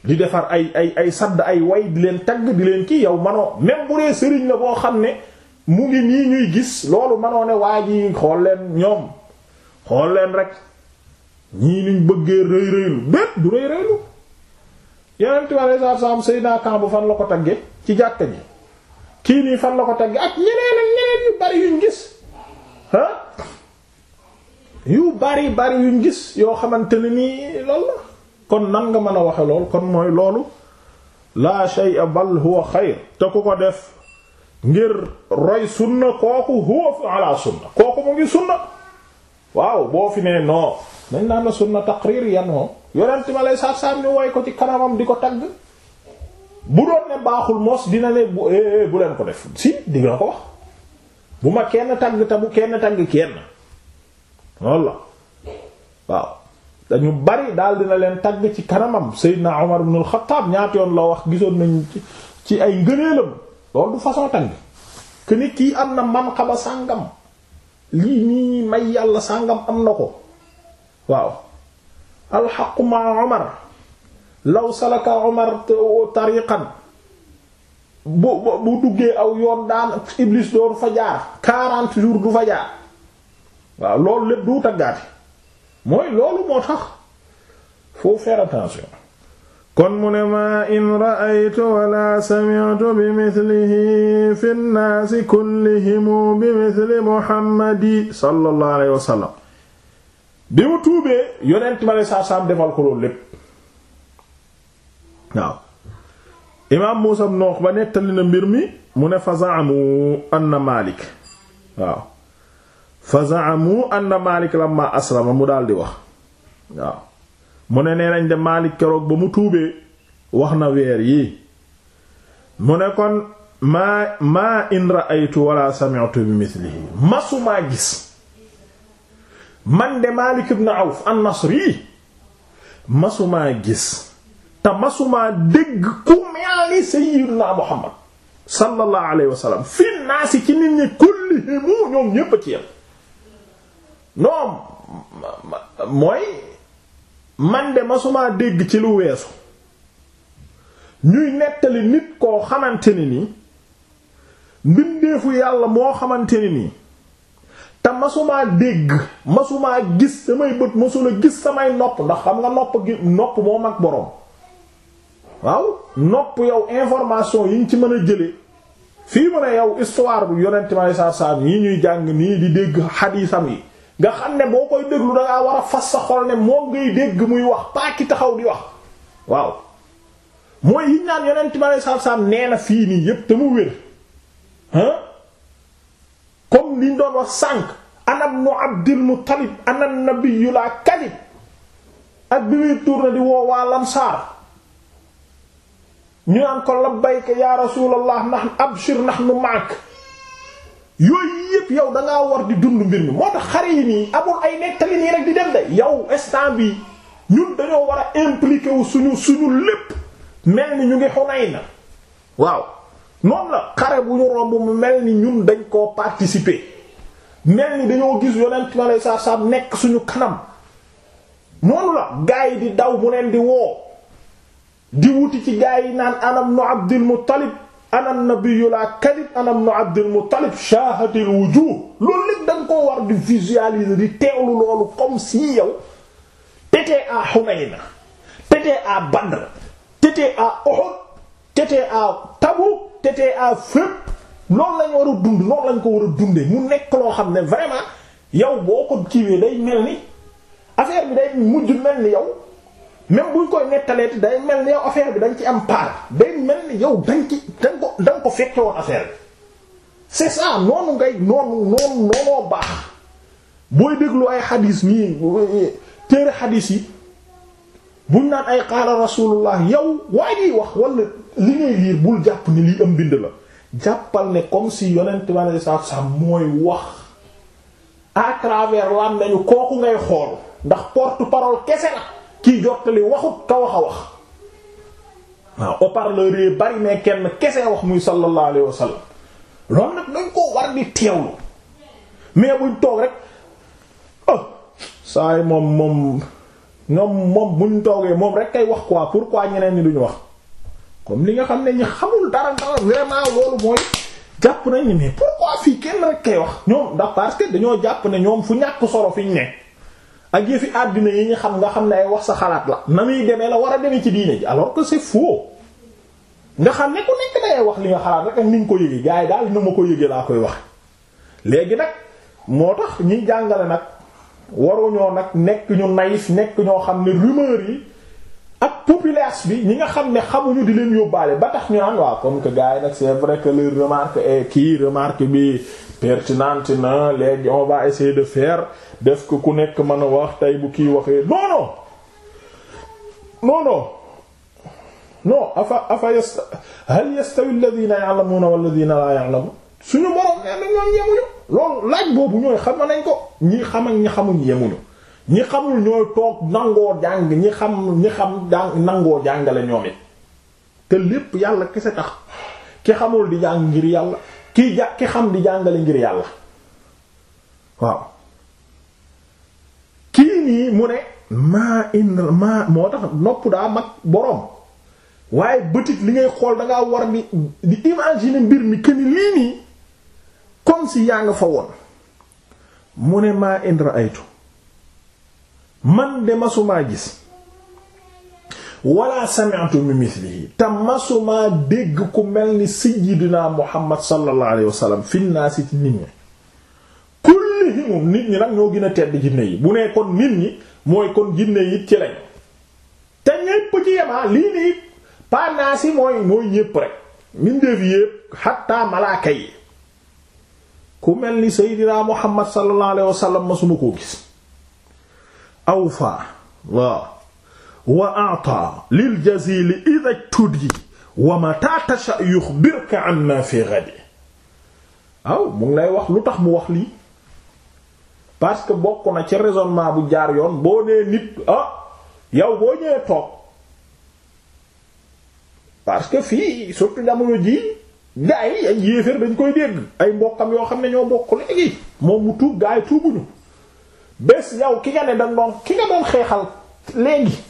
di defar ay ay ay sadd ay way di leen tagg di leen kii yow manoo même bu dee sëriñ la boo xam ne mu ngi nii ñuy gis loolu manoo ne waa ji xool leen ñoom xool leen rek ñii niñ bëggee rëy rëylu bépp du rëy rëylu yeneen tubaab yi sax sax Seydina Kamb fan la ko tagge ci jàkka ji kii nii fan la ko tagge ak ñeneen ak ñeneen yu bari yuñ gis yu bari bari yuñ gis yoo xamante ne nii lal la kon nan nga mën a waxe lool kon mooy loolu laa shay'a bal huwa xayr te ku ko def ngir roy sunna kooku huwa fi ala sunna kooku mu ngi sunna waaw boo fi nee non dañ naan la sunna taqrir yan moom yonent ma lay saar-saar ñu woy ko ci kanamam di ko tagg bu doon ne baaxul moos dina ne bu eh, eh, bu leen ko def si di nga ko bu ma kenn tagg te bu kenn tagg kenn loolu la waaw dañu bari daal dina leen tagg ci kanamam Seydina Omar ibn al-Khattab yoon la wax gisoon nañ ci ay ngëneelam loolu du façon tagg que kii am na manqaba sàngam lii nii may yàlla sàngam am na ko waaw alxaqu Omar law salaka Omar tariqan bu bu duggee aw yoon daan Iblis dooru fa jaar 40 jours du fa jaar waaw loolu lépp du taggaati mooy loolu moo tax faut faire attention kon mu ne maa in ra'aytu wala sami'tu bi mithlihi fi nnaasi kullihim bi mithli muhammadi sallallahu alayhi wa bi mu tuubee yonent ma lay saa saam defal ko loolu lépp waaw imaam Muusa ibn Uqba nettali na mbir mi mu ne fa za'amu anna Maalik waaw fa zaamu anna Maalik lamma aslama mu daal di wax waaw mu ne nee nañ de Maalik keroog ba mu tuubee wax na weer yi mu ne kon maa maa in ra'aytu wala sami'tu bi mithlihi masumaa gis man de Maalik ibn Awf an-Nasri masumaa gis te masumaa dégg ku mel ni sayyidina Muhammad sallallahu alayhi wa sallam fi naasi ci nit ñi kullihim ñoom ñépp ci yam non mooy man de masumaa dégg ci lu weesu ñuy nettali nit koo xamante ne nii mbindeefu yàlla moo xamante ni ni te masumaa dégg masumaa gis samay bët masula gis samay nopp ndax xam nga nopp gi nopp moo mag boroom waaw nopp yow information yi ñu ci mën a jële fii mu ne yow histoire bu yonent ma saa yi ñuy jàng nii di dégg xadiisam yi nga xam ne boo koy déglu da ngaa war a fas sa xol ne moom ngay dégg muy wax paa taxaw di wax waaw mooy yiñ naan yonent bi alei satu salaam nee fii nii yépp te mu wér ah comme liñ doon wax sànq anam nu abdil muttalib anam nabiyyu la kali ak bi muy tourné di woo waa lamsaar ñu naan ko labbayka ya rasulallah nahnu abshir nahnu ma'ak yooy yëpp yow da ngaa war di dund mbir mi moo tax xare yi nii amul ay nettali nii rek di dem de yow instant bi ñun dañoo war a impliqué wu suñu suñu lépp mel ni ñu ngi xonay na waaw noonu la xare bu ñu romb mu mel ni ñun dañ koo participer mel ni dañoo gis yonent ma lay saa saa nekk suñu kanam noonu la gaa yi di daw mu leen di woo di wuti ci gaa yi naan anam nu Abdul Muttalib ana nabiyyu la kadib ana ibn Abdul Muttalib shaahatil wujuh loolu lépp da nga koo war di visualiser di teewlu loolu comme si yow t'étais à Hunayn t'étais à Badr t'étais à Uhud t'étais à Tabuk t'étais loolu lañ war a dund loolu lañ ko war a dundee mu nekk loo xam ne vraiment yow boo ko kiiwee day mel ni affaire bi day mujj mel ni yow même buñ koy nettalee day mel ni yow affaire bi dañ ci am part day mel ni yow dañ ci dañ ko dañ ko fekke woon affaire bi c'est ça noonu ngay noonu noonu noonoo baax booy déglu ay xadiis nii téere xadiis yi buñ naan ay qaala rasulullah yow waa jiy wax wala li ngay liir bul jàpp ni lii am bind la jàppal ne comme si yonent bi alei saatu mooy wax à travers lam nañu kooku ngay xool ndax porte-parole kese la kii jottali waxut ka wax a wax waaw haut-parleur yi bari mais kenn kese wax muy sallallahu alayhi wa sallam loolu nag dañ koo war di teewlu mais buñ toog rek oh saa yi moom moom ñoom moom buñ toogee moom rek ay wax ko pour pourquoi ñeneen ñi duñu wax comme li nga xam ne ñi xamul dara dara vraiment loolu mooy jàpp nañ ne mais pourquoi fii kenn rek kay wax ñoom ndax parce que dañoo jàpp ne ñoom fu ñàkk solo ñu ne. ak yëfi àddina yi ñu xam nga xam ne ay wax sa xalaat la na muy demee la war a demee ci diine ji alors que c'est faux nga xam ne ku nekk dangay wax li nga xalaat rek ak ni nga ko yëgee gars yi daal na ma ko yëgee laa koy wax léegi nag moo tax ñiy jàngale nag waruñoo nag nekk ñu naïf nekk ñoo xam ne rumeur yi ak populace bi ñi nga xam ne xamuñu di leen yóbbaale ba tax ñu naan waaw nag c'est vrai que remarque est kii remarque bi pertinente na léegi on va essayer de faire def ko ku nekk mën a wax tey bu kiy waxee non non non non non afa afa yasta hal yastawi alladhina ya'lamuna walladhina la ya'lamun suñu borom nee na ñoom yemuñu loolu laaj boobu ñooy xam nañ ko ñi xam ak ñi xamuñ yemuñu ñi xamul ñooy toog nangoo jàng ñi xam ñi xam nangoo jàngale ñoom it te lépp yàlla kese tax ki xamul di jàng ngir yàlla kii ja ki xam di jàngale ngir yàlla waaw kii nii mu ne maa in maa moo tax nopp daa mag boroom waaye bëtit li ngay xool dangaa war di di imaginer mbir mi këni lii nii comme si yaa nga fa woon mu ne maa in ra'aytu man de masumaa gis wala sami'tu bi mithlihi te masuma dégg ku mel ni sayyidina muhammad sallallahu alayhi wasallam fi ci nit ñi kullihim nit ñi nag ñoo gën a tedd jinne yi bu nee kon nit ñi mooy kon jinne yi ci lañ te ñépp ci yemaa ah, lii nii pas naasi mooy mooy ñépp rek mindeef yépp xatta malaaka yi ku mel ni sayyidina muhammad sallallahu alayhi wasallam masuma koo gis awfa waaw wa a'ta lil jazili idha tudi wa mata birka yukhbirka amma fi ghadi waaw mu ngi wax lu tax mu wax lii parce que bokk na ci raisonnement bu jaar yoon boo nee nit ah yow boo ñëwee toog parce que fii surtout jamono ji ay yéeféer dañ koy dégg ay mbokkam yoo xam ne ñoo bokk léegi moom mu tuub gaa yi bés yow ki nga ne danga doon ki nga doon xeexal léegi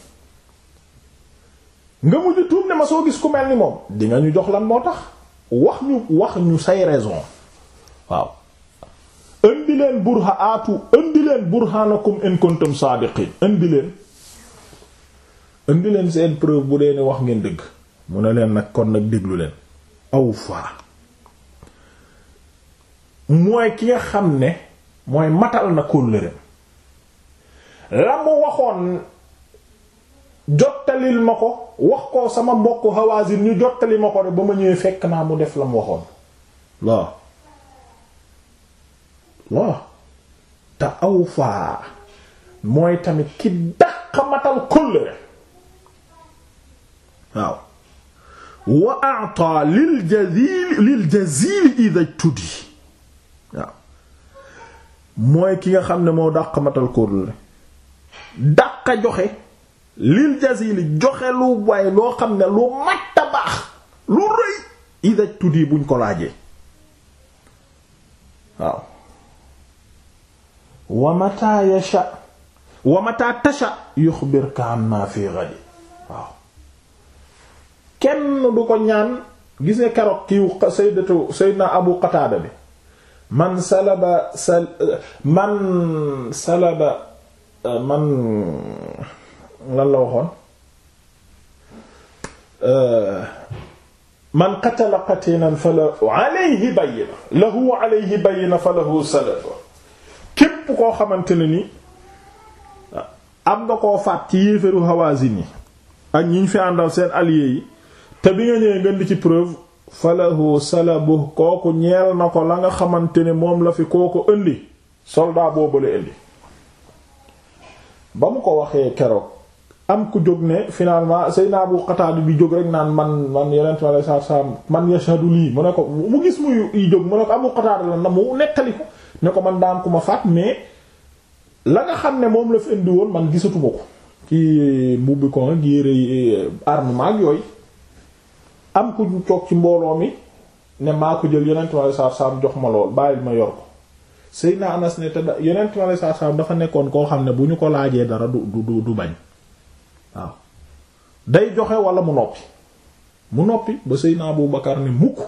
nga mujj tuub ne ma soo gis ku mel ni moom di ñu jox lan moo tax wax ñu wax ñu say raison waaw indi leen burha aatu indi leen burhanakum in kuntum saadiqin indi leen indi leen seen preuve bu dee ne wax ngeen dëgg mu ne leen nag kon nag déglu leen aw faa mooy ki nga xam ne mooy matal na kóllëreem la mu waxoon jottalil ma ko wax ko sama mbokk Hawazin ñu jottali ma ko de ba ma ñëwee fekk naa mu def la mu waxoon waaw waaw te aw faa mooy tamit ki daq matal kóllëre waaw wa a'ta lil jazil lil jazil idha tudi waaw mooy ki nga xam ne moo daq matal kóllëre daq joxe lil jazili joxe lu waay loo xam ne lu matt a lu rëy idaj tuddi buñ ko laajee waaw wa yasha wa mata tasha yuxbirka amma fi ghadi waaw kenn du ko ñaan gis nga keroog kiiw sayyidatu sayyidna abu qataada bi man salaba sal man salaba man lan la waxoon man qatala qatilan falahu alayhi bayyina lahu alayhi bayyina falahu salatu képp koo xamante ne ni am nga koo faat ci yéefaru Hawazin yi ak ñi ñu fi àndal seen alliés yi te bi nga ñëwee ngeen di ci preuve falahu salabu kooku ñeel na ko la nga xamante ne moom la fi kooku indi soldat boobale indi ba mu ko waxee keroog am ku jóg ne finalement Seydina Abu Qatada bi jóg rek naan man man yeneen sallallahu alayhi wasallam man yashhadu lii mu ne ko mu gis mu ne ko Abu Qatada la na mu ne ko man daan ku ma faat mais la nga xam ne moom la fi indi woon man gisatuma ko ci mbubbi ko ak yére armement ak am ku toog ci mbooloo mi ne maa ko jël yeneen sallallahu alayhi wasallam jox ma lool ma yor ko Seydina Anas ne te yeneen sallallahu alayhi wasallam dafa nekkoon koo xam ne bu ñu ko laajee dara du du du bañ waaw day joxe wala mu noppi mu noppi ba Seydina Abu Bakar ni mukk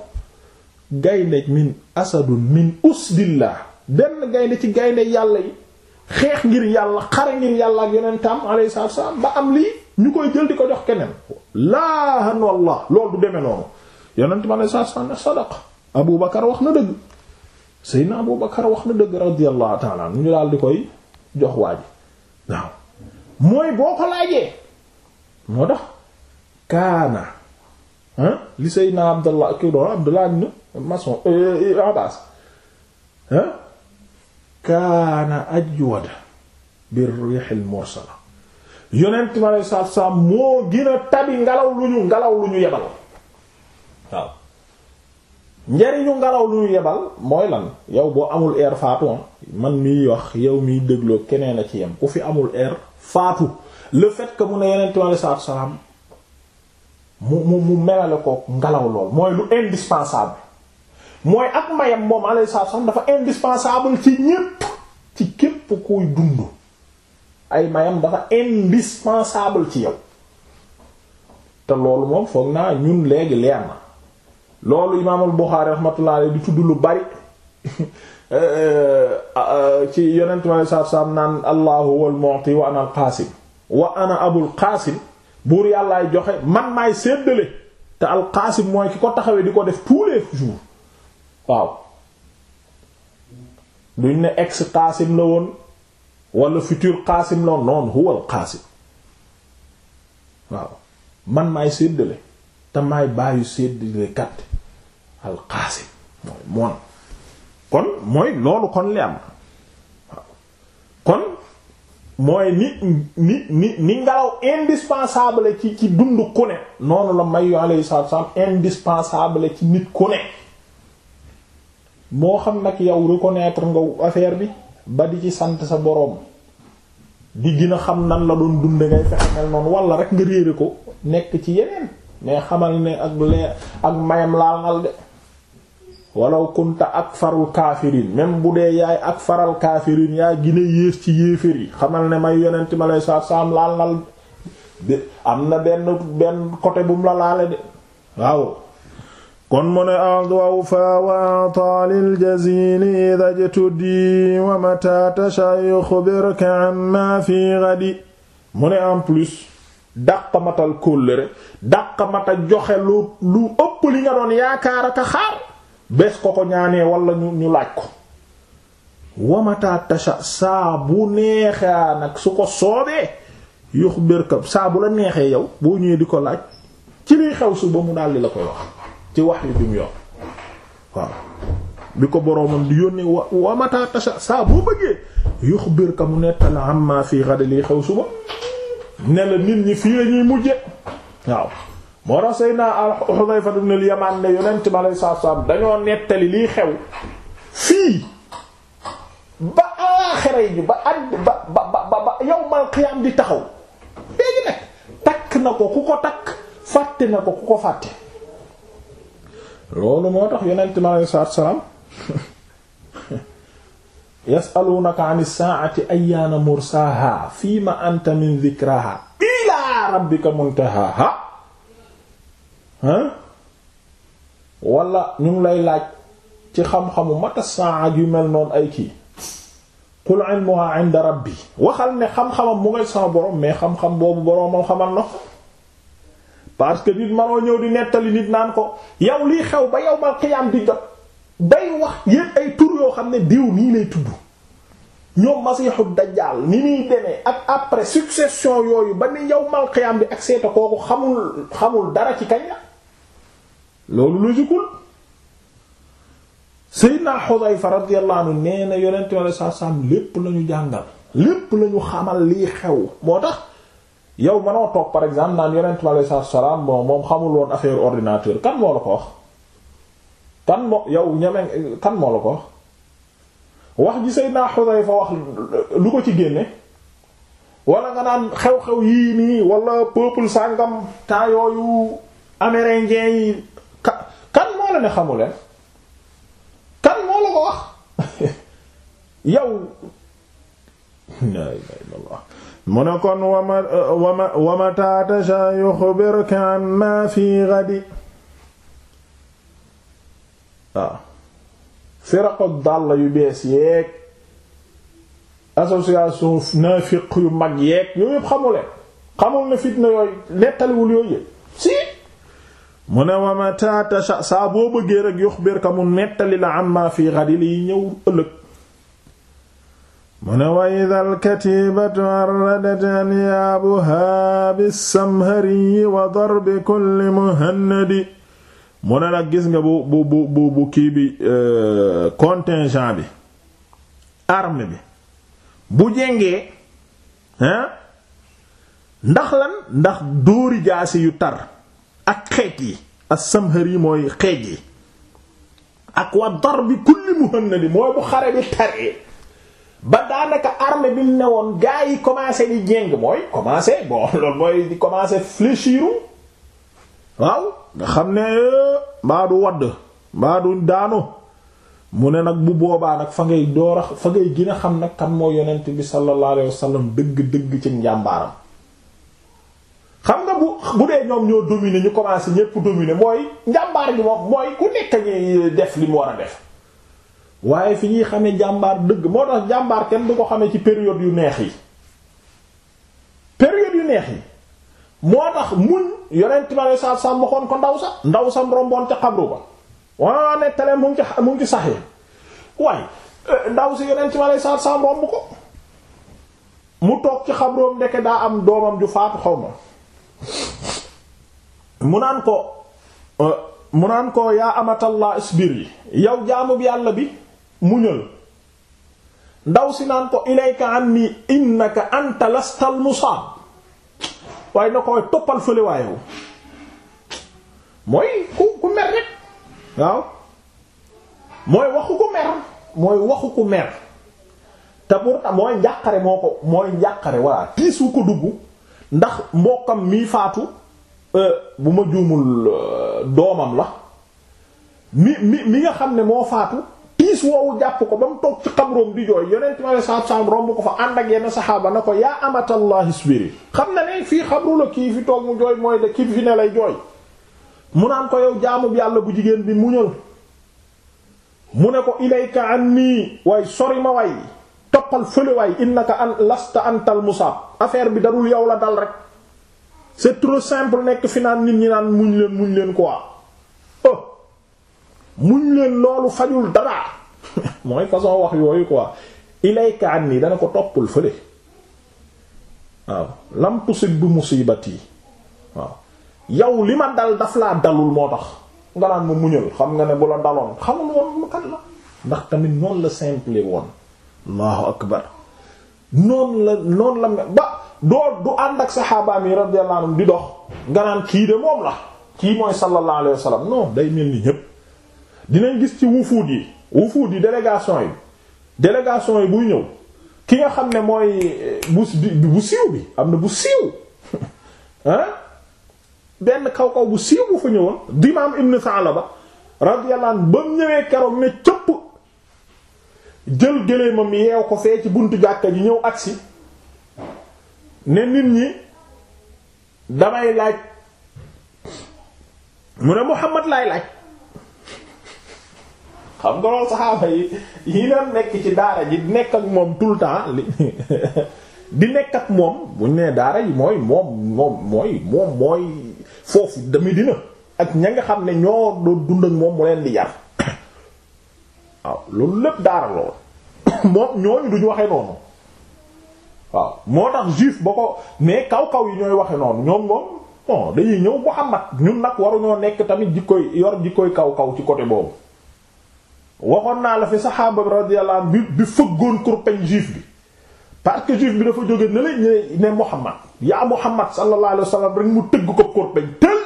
gaynde min asadun min usdillah benn gaynde ci gaynde yàlla yi xeex ngir yàlla xare ngir yàlla ak yeneen tam alayhi salaatu wasallam ba am lii ñu koy jël di ko jox keneen laahan wallah lool du demee noonu yonent bi alayhi salaatu wasallam sadaqa Abu Bakar wax na dëgg Seydina Abu Bakar wax na dëgg radiyallahu ta'ala ñu daal di koy jox waaji waaw mooy boo ko laajee moo tax kaana hein li Seydina Abdallah ki doon Abdallah ibn Mas'ud eh, Abbas hein kaana ajwada bir rihil mursala yonent mi alei saatu salaam moo gën tabi ngelaw lu ñu ngelaw lu ñu yebal waaw njariñu ngelaw lu ñu yebal mooy lan yow boo amul air faatu man miy wax yow miy dégloo keneen a ci yem ku fi amul air faatu le fait que mu ne yeneen tuuti saa salaam mu mu mu ko ngelaw lool mooy lu indispensable mooy ak mayam moom alayhi salaam dafa indispensable ci ñépp ci képp kuy dund ay mayam dafa indispensable ci yow te loolu moom foog naa ñun léegi leer na loolu imaamul Buxaari rahmatullah alayhi di tudd lu bari ci yonentu alayhi salaam naan allahu huwal mu'ti wa ana wa ana abul qaasim buur yàllaay joxe man maay séddale te al qaasim mooy ki ko taxawee di ko def tous les jours waaw duñ ne ex qaasim la woon wala futur qaasim la woon noonu huwa al qaasim waaw man maay séddale te maay bàyyi séddale al qaasim mooy moon kon mooy loolu kon li am waaw kon mooy ni ni ni ni ngelaw ci ci dund ku ne noonu la mayu alayhi salaatu wa salaam indispensable ci nit ku ne moo xam nag yow reconnaître nga affaire bi ba di ci sant sa boroom di gën xam nan la doon dund ngay fexe mel noonu wala rek nga réere ko nekk ci yeneen mais xamal ne ak lee ak mayam laal nal de walaw kunta akfarul kaafiriin même bu dee yaay akfaral kaafiriin yaa gine yées ci yéefér yi xamal ne may yonent ma lay saat saam laal nal de am na benn benn côté bu mu la laale de waaw kon mu ne adwaw fa waata liljazini ida jtudi wa mata tasha yuxbirka amma fi gadi mu ne en plus dàq matal kóllëre joxe lu ëpp li nga doon yaakaar ak xaar bés ko ko ñaanee wala ñu ñu laaj ko wamata tasha saa bu neexaa nag su ko soobee yux bérkab saa bu la neexee yow boo ñëwee di ko laaj ci liy xew su ba mu daldi la koy wax ci wax yu bimu yor waaw bi ko boroomam di yónnee wa wamata tasha saa boo bëggee yux bérka mu nettal amma fii xade liy xew suba ne la nit ñi fii lañuy mujje waaw moo tax Seydina Xudayfa ibn al-Yaman ne yonent ma lay saabsaab dañoo nettali liy xew fii ba aaxira yi ba àdd ba ba ba ba yawmal qiyaam di taxaw léegi nag takk na ko ku ko takk fàtte na ko ku ko fàtte. loolu moo tax yonent ma lay saabsaab yasalunaka an as-saa'ati ayyaana mursaahaa fiima anta min dhikraahaa ilaa rabbika muntahaahaa hein wala ñu ngi lay laaj ci xam-xamu mata saa yu mel noonu ay kii qul ilmuha inda rabbi waxal ne xam-xamam mu ngay sama borom mais xam-xam boobu boroomam xamal na parce que nit manoo ñëw di nettali nit naan ko yow lii xew ba yow mal xiyaam di jot day wax yépp ay tur yoo xam ne diw nii lay tudd ñoom masiixu dajjaal ni muy demee ak après succession yooyu ba ni yow mal xiyaam bi ak seeta kooku xamul xamul dara ci kañ la loolu logiqueul Seydina Xudayfa radiyallahu anhu nee na yonent Yàlla saa saam lépp la ñu jàngal lépp lañu xamal lii xew moo tax yow mënoo toog par exemple naan yonent Yàlla saa salaam moom xamul affaire ordinateur kan moo la ko wax kan moo yow ñeme kan moo la ko wax wax ji Seydina Xudayfa wax lu ko ci génne wala nga naan xew-xew yii nii wala peuple sàngam temps yooyu amérindien moo la ne xamu leen kan moo la wax yow la ilaha illallah mu ne kon wama wama wamata tasha yukhbiruka amma fi ghadi waaw ah. firaqu dàll yu bees yeeg association naafiq yu mag yeeg yooyu yëpp xamu leen xamul na fitna yooyu nettaliwul yooyu yëpp mu ne wa mata tasha saa boo bëggee rek yuxbir ka mu nettali la amma fi xadil yi ñëw ëllëg mu ne wa idha alkatibatu arradat anyaabuha bisamhari wa darbi kulli muhannadi mu ne nag gis nga bu bu bu bu kii bi euh, contingent bi arme bi bu jengee hein ndax lan ndax dóori jaasi yu tar ak xeet yi as yi mooy xeej yi ak wa darbi kulli muhannadi mooy bu xare bi taree ba daanaka armée bi mu ne woon gaa yi commencé di jéng mooy commencé bon mooy di commencé fléchir waaw nga xam ne eh, mbaa du wadd mbaa du daanu mu ne nag bu boobaa nag fa ngay door a fa ngay gën xam nag kan moo yonent bi sallallahu alayhi dëgg dëgg ci njàmbaaram xam nga bu bu dee ñoom ñoo dominer ñu commencé ñépp dominer mooy njàmbaar gi moom mooy ku nekk def li mu war a def waaye fi ñuy xamee jàmbaar dëgg moo tax jàmbaar kenn du ko xamee ci période yu neex yi période yu neex yi moo tax muñ ma ne saa ko ndaw sa ndaw sa romboon ca xabru ba waa nettalee mu ngi ci sax ngi waaye eh, ndaw si yonent ma ne saa saa romb ko mu toog ci xabroom ndeke daa am doomam ju faatu xaw ma mu naan ko euh, mu naan ko yaa amatallah isbir yi yow jaamub yàlla bi muñal ndaw si naan ko ilayka anni innaka anta lastal musaab waaye na koy toppal fële waayewu mooy ku ku mer rek waaw mooy waxu ku mer mooy waxu ku mer te pourtant mooy njàqare moo ko mooy njàqare voilà tiis wu ko dugg ndax mbokkam mii faatu euh, bu ma juumul euh, doomam la mi mi mi nga xam ne moo faatu tiis woowu jàpp ko ba mu toog ci xabroom di jooy yonent ma saab saab romb ko fa ànd ak yenn saxaaba na ko yaa amatallahi isbiri xam na ne fii xabru la kii fi toog mu jooy mooy de kii fi ne lay jooy mu naan ko yow jaamub yàlla bu jigéen bi muñal mu ne ko ilayka anni way sori ma way toppal fëlewaay innaka an lasta antal musaab affaire bi darul yow la dal rek c'est trop simple nekk fi naan nit ñi naan muñ leen muñ leen ko oh muñ leen loolu fajul dara mooy façon wax yooyu quoi ilayka an nii dana ko toppal fële waaw lam tusib bi musibati waaw yow li ma dal daf laa dalul moo tax nga naan mu muñal xam nga ne bu la daloon xamul woon lu kan la ndax tamit noonu la simple woon allahu akbar noonu la noonu la ba doo du ànd ak saxaabaam yi radiyallahu anhum di dox nga naan kii de moom la kii mooy sallallahu alayhi wa day mel ni ñépp dinañ gis ci wufuud yi wufuud yi délégation yi délégation yi buy ñëw ki nga xam ne mooy eh, bu bu siiw bi am na bu siiw ah benn kaw kaw bu siiw bu fa ñëwoon dimaam ibn Sa'laba radiyallahu anhu ba mu ñëwee keroog ne cëpp jël gëléemam yeew ko fee ci buntu jàkka ji ñëw agsi ne nit ñi damay laaj mu ne Muhammad laay laaj xam nga loolu saxaaba yi yi naan nekk ci daara ji di nekk ak moom tout le temps di nekk ak moom buñ nee daara yi mooy moom moom mooy moom mooy foofu dami dina ak ña nga xam ne ñoo doon dund ak moom mu leen di yar waaw loolu lépp daara la woon moom ñooñu duñu waxee noonu waaw moo tax juif ba ko mais kaw kaw yi ñooy waxe noonu ñoom moom bon dañuy ñëw Muhammad ñun nag waruñoo nekk tamit jikkoy yor jikkoy kaw kaw ci côté boobu waxoon naa la fi saxaaba radiyallahu anhu bi fëggoon kurpeñ juif bi parce que bi dafa jóge ne la ñu ne Muhammad yaa Muhammad sallallahu alayhi wasallam rek mu tëgg ko kurpeñ tël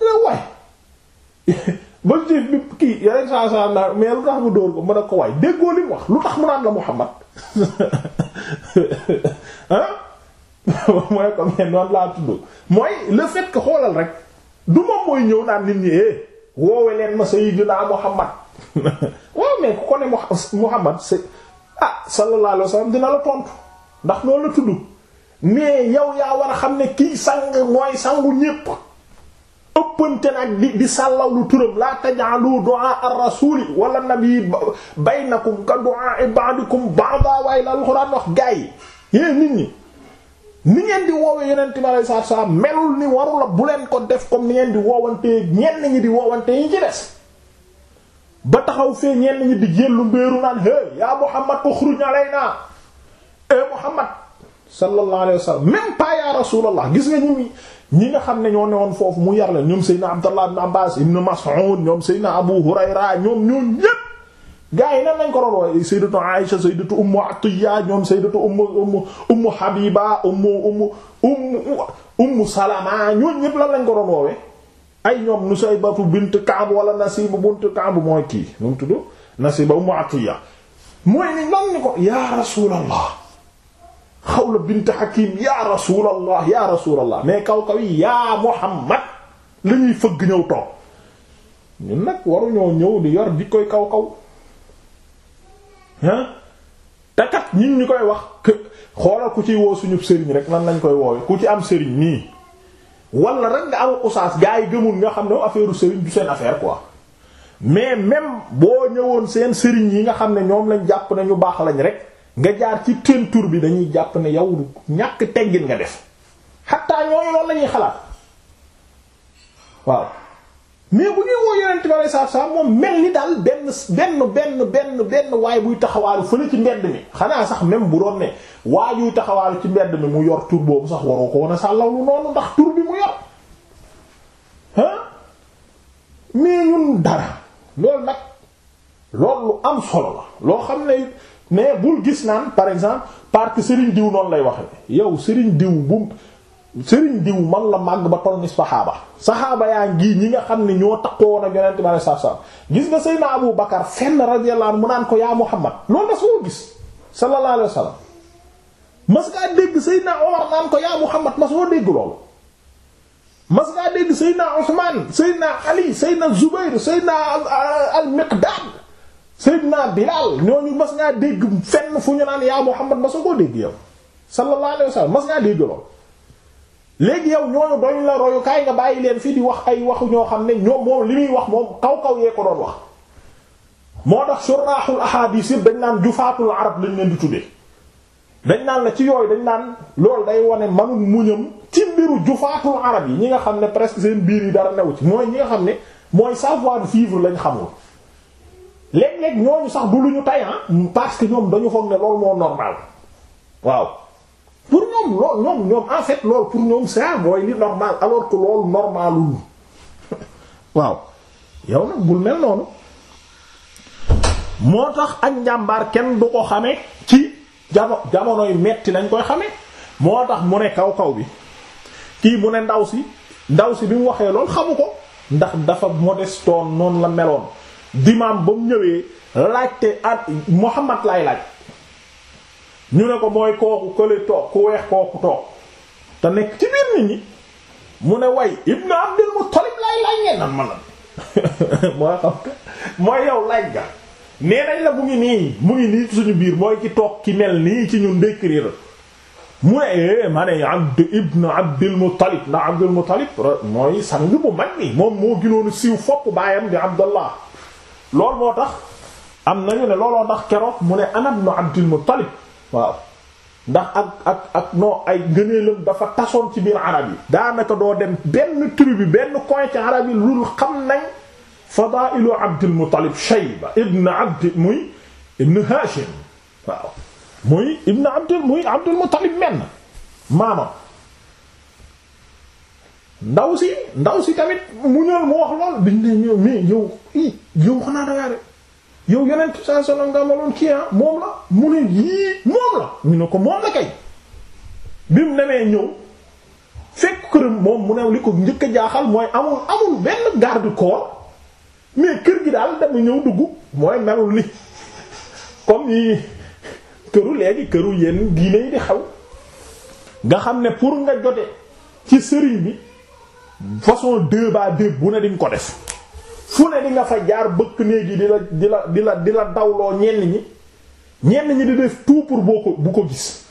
ne waay ba jiif bi kii yeneen saa saa naan mais lu tax mu dóor ko mën a ko waay déggoo li wax lu tax mu naan la Muhammad ah mooy comme ne laa tudd mooy le fait que xoolal rek du moom mooy ñëw naan nit ñi eh woowe leen ma Sayyidina Muhammad waaw mais ku ko ne Muhammad c'est ah sallallahu alayhi wa sallam dina la tontu ndax noonu la tudd mais yow yaa war a xam ne kii sang mooy sangu ñépp. ëppante nag di di sàllaw lu turam la taj'alu du'a ar-rasuli wala nabi baynakum ka du'a ba'dikum ba'da waaye la alxuraan wax gaa yi yéen nit ñi ni ngeen di woowee yonent bi alayhi salaatu salaam ni waru la bu leen ko def ko ni ngeen di woowante ñenn ñi di woowante yi ci des ba taxaw fee ñenn ñi di jéllu mbéeru naan hé yaa Muhammad ukhruj alayna e Muhammad sallallahu alayhi wa sallam même gis nga ñi ñi nga xam ne ñoo newoon foofu mu yar la ñoom Seydina Abdallah ibn Abbas ibn Mas'ud ñoom Seydina Abu Hurayra ñoom ñoom ñépp gaa yi nan lañ ko doon woowe sayyidatu Aisha sayyidatu Ummu Atiyya ñoom sayyidatu Ummu Ummu Ummu Habiba Ummu Ummu Ummu Ummu Salama ñooñu ñépp lan lañ ko doon woowe ay ñoom Nusaybatu bint Ka'b wala Nasiba bint Ka'b mooy kii nu mu tudd Nasiba Ummu Atiyya mooy ni lan ni ko ya Rasulallah Xawla bint Hakim yaa rasulallah yaa rasulallah mais kaw kaw yi yaa Muhammad la ñuy fëgg ñëw toog ñu nag waruñoo ñëw di yor di koy kaw kaw ah te kat ñun ñu koy wax que xoolal ku ci woo suñu sëriñ rek nan lañ koy woowee ku ci am sëriñ nii wala rek nga am oustaz gaa yi gëmul nga xam ne affaire sëriñ du seen affaire quoi mais même boo ñëwoon seen sëriñ yi nga xam ne ñoom lañ jàpp ne ñu baax lañ rek. nga jaar ci tur bi dañuy jàpp ne yow ñàkk teggin nga def xataa ñooñu loolu lañuy xalaat waaw mais bu ñuy woo yonent mel ni daal benn benn benn waay buy taxawaalu fële ci mbedd mi xanaa sax même bu doon ne waay yuy taxawaalu ci mbedd mi mu yor tur boobu sax waroo ko woon a sàllawlu noonu ndax tur bi mu yor ah mais ñun dara loolu nag loolu am solo la loo xam ne. mais bul gis naan par exemple parce que Serigne diw noonu lay waxe yow Serigne diw bu Serigne diw man la màgg ba toll ni saxaaba saxaaba yaa ngi ñi nga xam ne ñoo takkoon ak yonent bi sallallahu alayhi wasallam gis nga Seydina Abu Bakar fenn radiyallahu anhu mu naan ko yaa Muhammad loolu da soo gis sallallahu alayhi wasallam mas ngaa dégg Seydina Omar naan ko yaa Muhammad ma soo dégg loolu mas ngaa dégg Seydina Usmaan Seydina Ali Seydina Zubayr Seydina al Miqdaad Seydina ñoo ñu mas ngaa dégg fenn fu ñu naan yaa Muhammad ma soo koo dégg yow sallallahu alayhi wasallam mas ngaa dégg lool léegi yow ñooñu doñ la royukaay nga bàyyi leen fii di wax ay waxu ñoo xam ne ñoom moom li muy wax moom kaw kaw yee ko doon wax moo tax suraaxul ahadis yëpp dañ naan jufaatul arab lañ leen di tuddee dañ naan la ci yooyu dañ naan loolu day wane manul muñam ci mbiru jufaatul arab yi ñi nga xam ne presque seen biir yi dara new ci mooy ñi nga xam ne mooy savoir vivre lañ xamul léeg-léeg ñooñu sax du lu ñu tay ah, parce que ñoom dañu foog ne loolu moo normal waaw pour ñoom ñoom ñoom en fait loolu pour ñoom ça mooy li normal alors que loolu normalul waaw yow nag bul mel noonu moo tax ak njàmbaar kenn du ko xame ci jamo jamonoy metti lañ koy xame moo tax mu ne kaw kaw bi kii mu ne ndaw si ndaw si bi mu waxee lool xamu ko ndax dafa modestoon noonu la meloon dimaam ba mu ñëwee laajte at Muhammad lay laaj ñu ne ko mooy kooku kële toog ku weex kooku toog te nekk ci biir nit ñi mu ne way Ibn Abdul Muttalib lay laaj ngeen nan ma la moo xam ka mooy yow laaj ga nee nañ la mu ngi nii mu ngi nii suñu biir mooy ki toog ki mel nii ci ñun décrire mu ne eh, ma ne Abd ibn Abdul Muttalib ndax Abdul Muttalib mooy sang bu mag ni moom moo gënoon siiw fopp baayam di Abdallah loolu moo tax am nañu ne looloo tax keroog mu ne ana ibnu Abdul Muttalib waaw ndax ak ak ay ngëneelam dafa tasoon ci biir arab yi daanaka doo dem benn tribu benn coin ci arab yi lul xam nañ fadailu Abdul Muttalib Shayba ibn Abd muy muy ibn Abdul muy Abdul Muttalib menn maamam ndaw si ndaw si tamit mu ñëw mu wax lool biñ ne ñëw mais yow i yow xanaa dangaa de yow yeneen saa soxna nga amaloon kii ah moom la mu ne yii moom la ñu ne ko moom la kay bi mu demee ñëw fekk këram moom mu ne li ko njëkk a jaaxal mooy amul amul benn garde corps mais kër gi daal dama ñëw dugg mooy melul ni comme yi këru léegi këru yenn diine yi di xaw nga xam ne pour nga jote ci sëriñ bi. façon débat déb bu ne di ko def fu ne di fa jaar bëkk néegi di la di la di la dawloo ñenn ñi ñenn ñi di def tout pour boo ko bu ko gis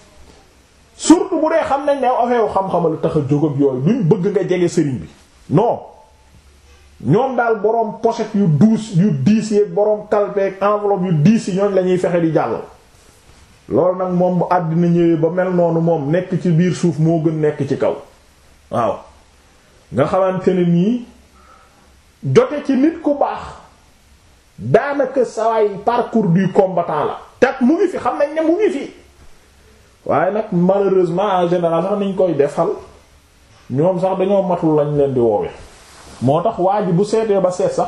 surtout bu dee xam nañ ne affaire xam-xama la tax a jóg ak yooyu duñ bëgg nga jege sëriñ bi non ñoom daal boroom poset yu duus yu diis yi boroom kalpeeg enveloppe yu diis yi ñooñ lañuy ñuy fexe di jàll loolu nag moom bu àddina ñëwee ba mel noonu moom nekk ci biir suuf moo gën nekk ci kaw waaw nga xamante ne nii jote ci nit ku baax daanaka sawaay parcours du combattant la tat mu ngi fi xam nañ ne mu ngi fi waaye nag malheureusement en général sax niñ koy defal ñoom sax dañoo matul lañ leen di woowe moo tax waa bu seetee ba seet sax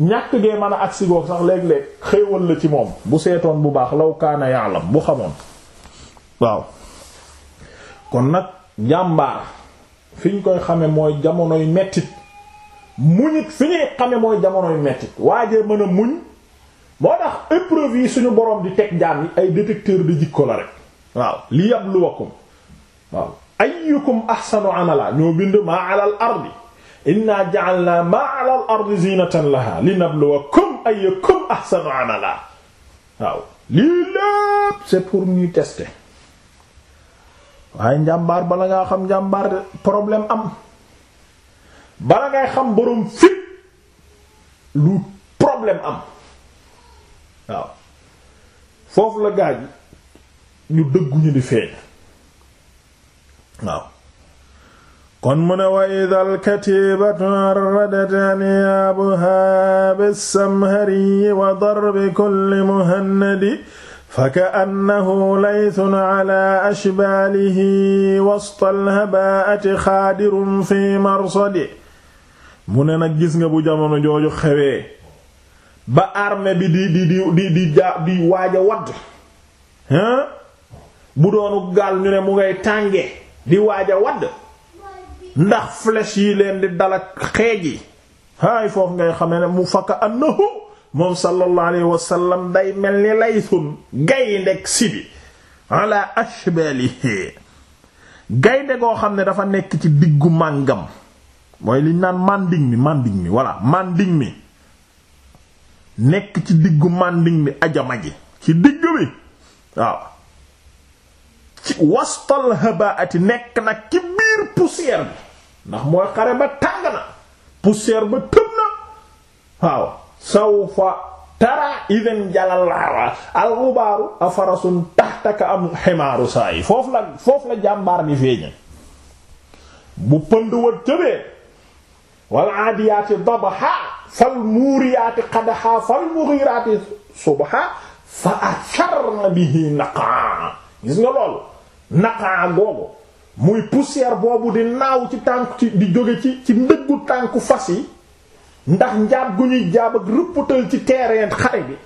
ñàkk gee mën a agsi goog sax léeg-léeg xéewal la ci moom bu seetoon bu baax law kaana yaalam bu xamoon waaw kon nag jàmbaar fi ñu koy xame mooy jamonoy mettit muñit fi ñuy xame mooy jamonoy mettit waajee mën a muñ moo tax épreuve yi suñu borom di teg jaam yi ay détecteur de jikko la rek waaw li waaw ayyukum ahsanu amala ñoo bind maa alal ardi inna ja'alna maa alal ardi zinatan laha linabluwakum ayyukum ahsanu amala waaw lii lépp c'est pour ñuy tester waaye njàmbaar bala ngaa xam njàmbaar problème am bala ngay xam boroom fit lu problème am waaw foofu la gaa yi ñu dëgguñu di feeñ waaw kon mu ne wa idal katibatu arradat aniyaabuha bisamhari wa darbi kulli muhannadi فكأنه ليث على أشباله وسط الهباءة خادر في مرصده mu ne nag gis nga bu jamono jooju xewee ba armée bi di di di di di ja di waaj a wadd bu doonu gaal ñu ne mu ngay tànge di waaja wadd ndax flèche yi leen di dal ak xeej yi haay foofu ngay xamee ne mu fakka annahu moom sallallahu alayhi wa sallam day mel ni laytun gayndeg sibi ala ashbalihi gaynde goo xam ne dafa nekk ci diggu màngam mooy liñ naan manding mi manding mi voilà manding mi nekk ci diggu manding mi ajama ji ci digg bi waaw ci wastal habaati nekk nag ci biir poussière bi ndax mooy xare ba tàng na poussière ba tëb na waaw sawfa tara idan jalal al gubaaru afarasun taxtaka am ximaaru saa yi foofu la foofu la jàmbaar mi feeña bu pënd wa jëbee wal aadiyaati dabaxa fal muuriyaati qadaxa fal mughiraati subha fa atharna bihi naqa gis nga loolu naqa googu muy poussière boobu di naaw ci tànk di jóge ci ci ndëggu tànku fas yi ndax njaab gu ñuy jaab ak rëppatal ci terrain xare bi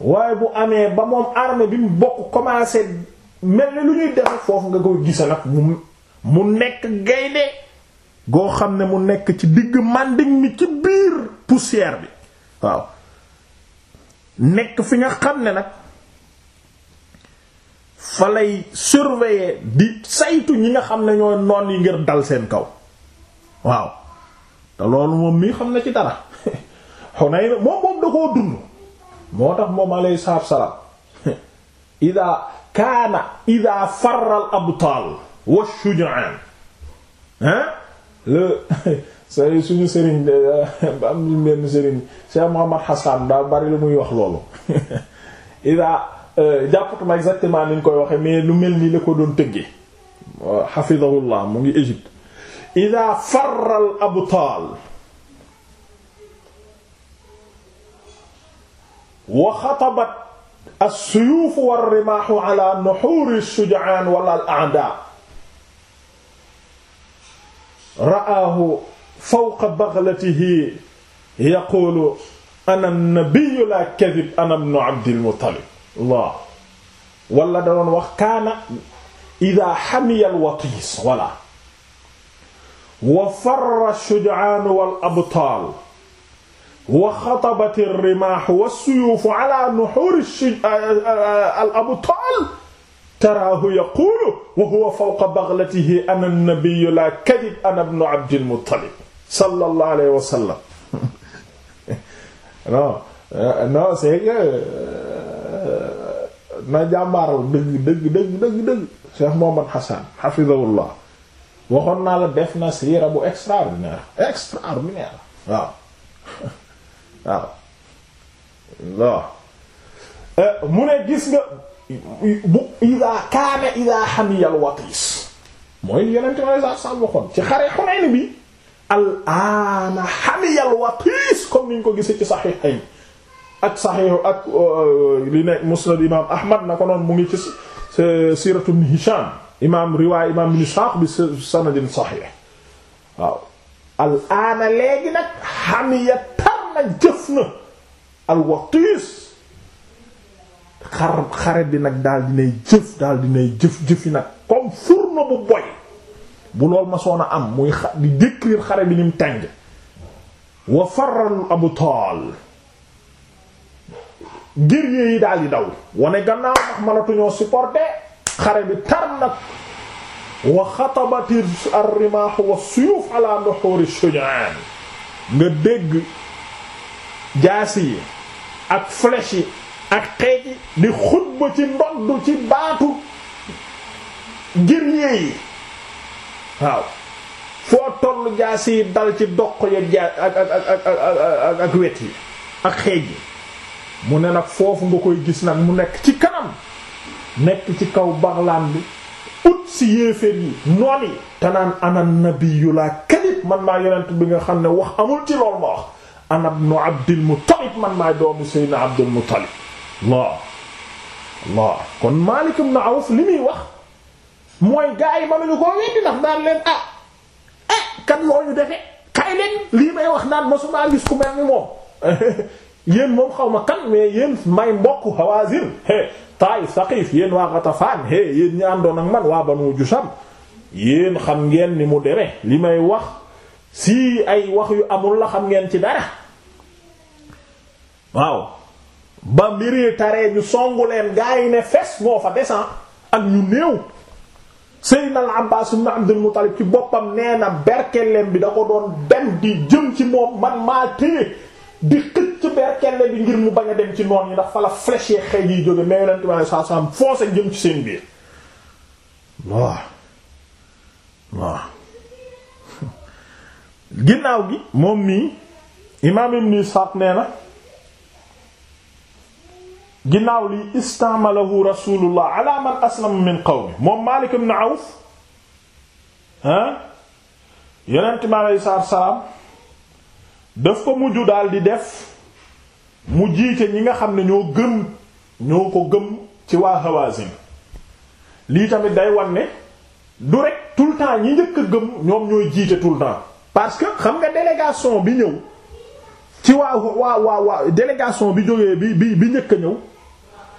waaye bu amee ba moom armée bi mu bokk commencé mel ni lu ñuy def foofu nga koy gisal ak mu nekk gaynde goo xam ne mu nekk ci diggu màndiŋ mi ci biir poussière bi waaw nekk fi nga xam ne nag fa lay surveiller di saytu ñi nga xam ne ñooy noon yi ngir dal seen kaw waaw te loolu moom mii xam na ci dara Hunayn moom moom da koo dund moo tax moom alayhi salaatu salaam ida kaana ida farral abtaal wa shuja'aan hein le say suñu sëriñ ba euh, am ñu benn sëriñ Cheikh Mohammad Hassan daa bari lu muy wax loolu ida euh, jàppatuma exactement ni ñu koy waxe mais lu mel nii la ko doon tëggee xafidahullah mu ngi Égypte ida farra al abtaal wa xatabat as-suyuuf war-rimaahu ala nuhuuri shuja'aan wala al-a'daa ra'aahu fawqa baghlatihi yaquulu ana nabiyyu laa kadhib ana ibnu Abdil Muttalib Allah wala da doon wax kaana idaa hamiya al-watiis wala wa farra shujaanu wal abtaal wa xatabati rimaahu wa suyuufu ala nuxuuri al abtaal taraahu yaquulu wa huwa fawqa baxlatihi ana nabiyyu laa kadib ana ibnu abdil muttalib sallallahu alayhi wa sallam non euh, non c'est que euh, na jàmbaaral dëgg dëgg dëgg dëgg dëgg Cheikh Mohamed Hassan hafizahullah waxoon naa la def na siira bu extraordinaire extraordinaire waaw waaw eh, mu ne gis nga bu ida kaana ida xamiyal watis mooy yenente ma sa sam waxoon ci xare Hunayn bi al comme niñ ko gisee ci saxiixayn ak saxiixu ak euh, li nekk musnad imam ahmad na ko noon mu ngi ci siratu ibn Hisham imaam riwaay imaam ibn Ishaq bi sanadin sahih waaw al aana nag hamiya tar na jëf na al xar xare bi nag daal dinay jëf daal dinay jëf jëfi nag comme fourneau bu boy bu lool ma soon a am muy xa xare bi ni tàng wa faral abtaal guerrier yi daal di daw wane gannaaw ndax mënatuñoo supporter xare bi tar nag wa xatabati ar-rimaahu wa suyuuf ala nuhuuri shujaan nga dégg jaasi yi ak flèche yi ak xeej yi di xutba ci ndodd ci baatu guerrier yi waaw foo tollu jaasi yi dal ci doq ya ak ak wet yi ak xeej yi mu ne nag foofu nga koy gis nag mu nekk ci kanam nekk ci kaw baxlaan bi ut si yéeféer yi noon yi te naan ana laa kadib man maa yonent bi nga xam ne wax amul ci loolu ma wax ana ibnu abdil muttalib man maay doomu seydina abdul muttalib laa laa kon maalik ibn awf li muy wax mooy gaa yi mënuñu koo weddi ndax daan leen ah ah kan moo ñu defe kay leen lii may wax naan masumaa gis ku mel ni moom yéen moom xaw ma kan mais yéen may mbokk hawazin Taayif Saqiif yéen waa Ghatafaan hey yéen ñi àndoon ak man waa Banu Jusam yéen xam ngeen ni mu deme li may wax si ay wax yu amul la xam ngeen ci dara waaw ba mbiri taree ñu songu leen gaa yi ne fes moo fa desan ah, ak ñu néew Seydina na abbaas ibn Abdul Muttalib ci boppam nee na berkeleen bi da ko doon dem di jëm ci moom man maa téye di xëcc berkelle bi ngir mu bañ a dem ci noon yi ndax fa la flèche yeeg xëy jóge mais yonent bi sallallahu alayhi wasallam foncé ci seen biir waaw waaw ginnaaw gi moom mii imaam ibn Isaaq nee na ginnaaw li istamalahu rasulullah ala man aslama min qawmi moom Maalik ibn Awf ah yonent bi salaam daf ko mujj daal di def mu jiite ñi nga xam ne ñoo gëm ñoo ko gëm ci waa Hawazin lii tamit day wan ne du rek tout le temps ñi njëkk a gëm ñoom ñooy jiite tout temps parce que xam nga délégation bi ñëw ci waa waa waa waa délégation bi jógee bi bi bi njëkk a ñëw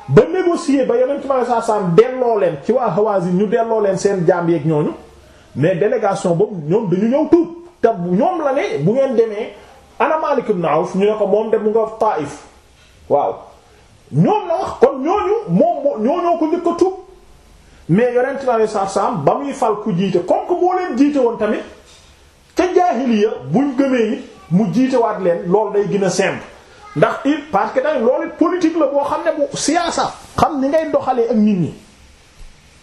ba négocier ba yeneen ci ma saa saam delloo leen ci waa Hawazin ñu delloo leen seen jaam yeeg ñooñu mais délégation boobu ñoom dañu ñëw tuub te ñoom la ne bu ngeen demee. ana Maalik ibn ñu ne ko moom de mu nga Taif waaw ñoom la wax kon ñooñu moom ñoo ñoo ko njëkk a tuub mais yonent bi alayhi salaatu salaam ba muy fal ku jiite comme que moo leen jiite woon tamit ca jaahiliya buñ gëmee it mu jiitewaat leen loolu day gën a simple ndax il parce que lool loolu politique la boo xam ne bu siyaasa xam ni ngay doxalee ak nit ñi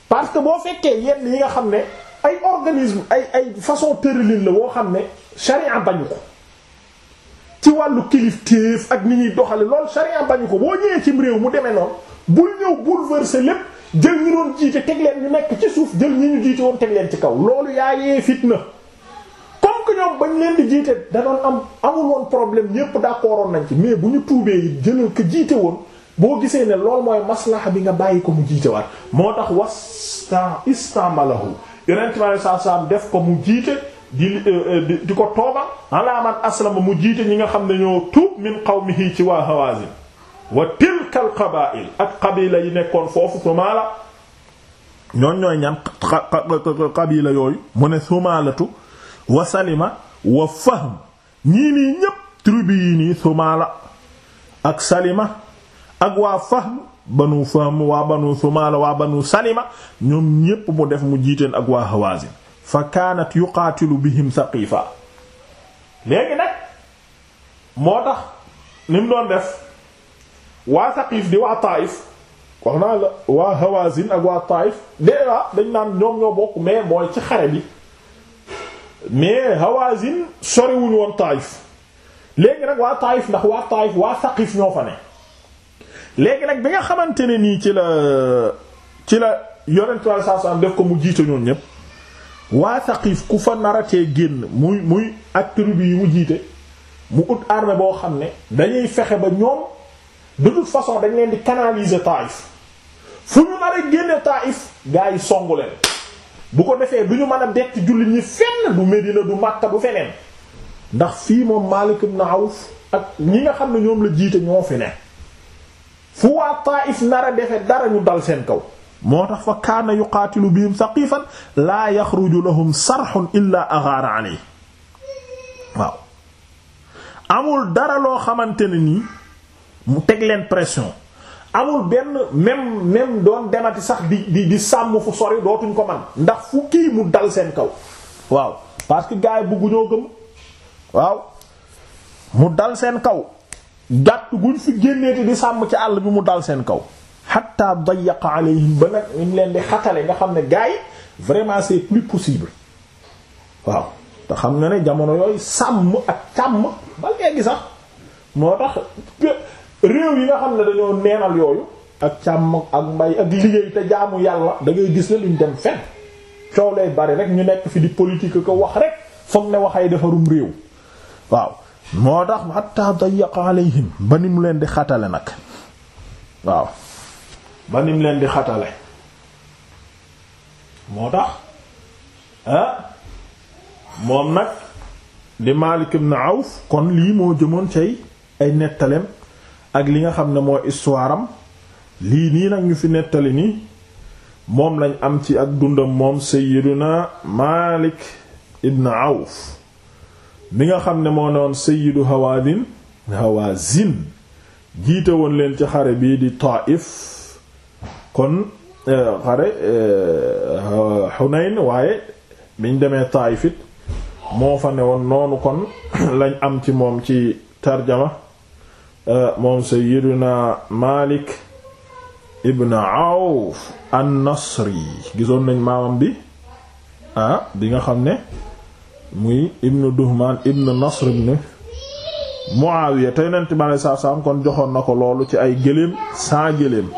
parce que boo fekkee yenn yi nga xam ne ay organisme ay ay façon tërëlin la boo xam ne charia bañu ci wàllu kilif kilifteef ak ni ñuy doxale lool sharia bañu ko boo ñëwee cim réew mu demee noonu bul ñëw bouleverser lépp jël ñu doon jiite teg leen ñu nekk ci suuf jël ñi ñu jiite woon teg leen ci kaw loolu yaa yaayee fitna comme que ñoom bañ leen di jiite da am amul woon problème ñépp d'accordoon nañ ci mais bu ñu tuubee yi jëlal ko jiite woon boo gisee ne loolu mooy maslaha bi nga bàyyi ko mu jiite waat moo tax was istan istamalahu yonent bi sallallahu alayhi def ko mu jiite Euh, euh, di di ko tooba ala aslama mu jiite ñi nga xam ne ñoo tuub min qawmihi ci waa Hawazin wa tilka al ak qabila yi nekkoon foofu sumaala ñoon ñooy ñan qabila yooyu mu ne sumaalatu wa salima wa fahm ñii ñépp tribu yi nii sumaala ak salima ak waa fahm banu fahm waa banu sumaala waa banu salima ñoom ñépp mu def mu jiiteen ak waa Hawazin fa kaanat yuqaatilu bihim saqiifa léegi nag moo tax ni doon def waa saqiif di waa taayif wax naa la waa hawazin ak waa taayif déjà dañ naan ñoom ñoo bokk mais mooy ci xare bi mais hawazin soriwuñu woon taayif léegi nag waa taayif ndax waa taayif waa saqiif ñoo fa ne léegi nag bi nga xamante ne nii ci la ci la yonentu Yàlla saa def ko mu jiite ñoom ñépp waa Saqif ku fa nara naratee génn muy muy ak tribu yi mu jiite mu ut armée boo xam ne dañuy fexe ba ñoom de façon dañ leen di canaliser Taïf fu ñu nar a génne Taïf gars yi songu leen bu ko defee du ñu mën a detti jullit ñi fenn du Medina du Makka du feneen ndax fii moom Malik ibn Awf ak ñi nga xam ne ñoom la jiite ñoo fi ne fu waa Taïf nar defe dara ñu dal seen kaw moo tax fa kaana yuqaatilu bihim saqifan laa yaxruju lahum sarxun illaa agaara alayhi waaw amul dara loo xamante ne nii mu teg leen pression amul benn même même doon demati sax di di di sàmm fu sori dootuñ ko man ndax fu kii mu dal seen kaw waaw parce que gars yi buggu ñoo gëm waaw mu dal seen kaw gàtt guñ fi génnee di sàmm ci àll bi mu dal seen kaw hatta dayaqa alayhim ba nag ñu leen di xatale nga xam ne gars yi vraiment c'est plus possible waaw te xam nga ne jamono yooyu sàmm ak càmm ba léegi sax moo tax réew yi nga xam ne dañoo neenal yooyu ak càmm ak mbay ak liggéey te jaamu yàlla dangay gis ne luñ dem fen coow lay bari rek ñu nekk fi di politique ko wax rek foog ne waxay defarum réew waaw moo tax hatta dayaqa alayhim ba ni mu leen di xatale nag waaw ba nim leen di xatale moo tax ah, moom nag di Maalik ibn Awf kon lii moo jëmoon cay ay nettalem ak li nga xam ne mooy histoire lii nii nag ñu fi nettali nii moom lañ am ci ak dundam moom Sayyiduna Maalik ibn Awf mi nga xam ne moo ne woon Sayyidu Hawaazin Hawaazin jiite woon leen ci xare bii di Taif kon xare euh, euh, Hunayn waaye biñ demee Taayif it moo fa ne woon noonu kon lañ am ci moom ci tarjama euh, moom na Malik ibn Awf an-Nasri gisoon nañ maamam bi ah bi nga xam ne muy ibnu Duhman ibnu Nasr ibn Muawiya te yonent bi alayhi salaam kon joxoon na ko loolu ci ay gëléem saa gëléem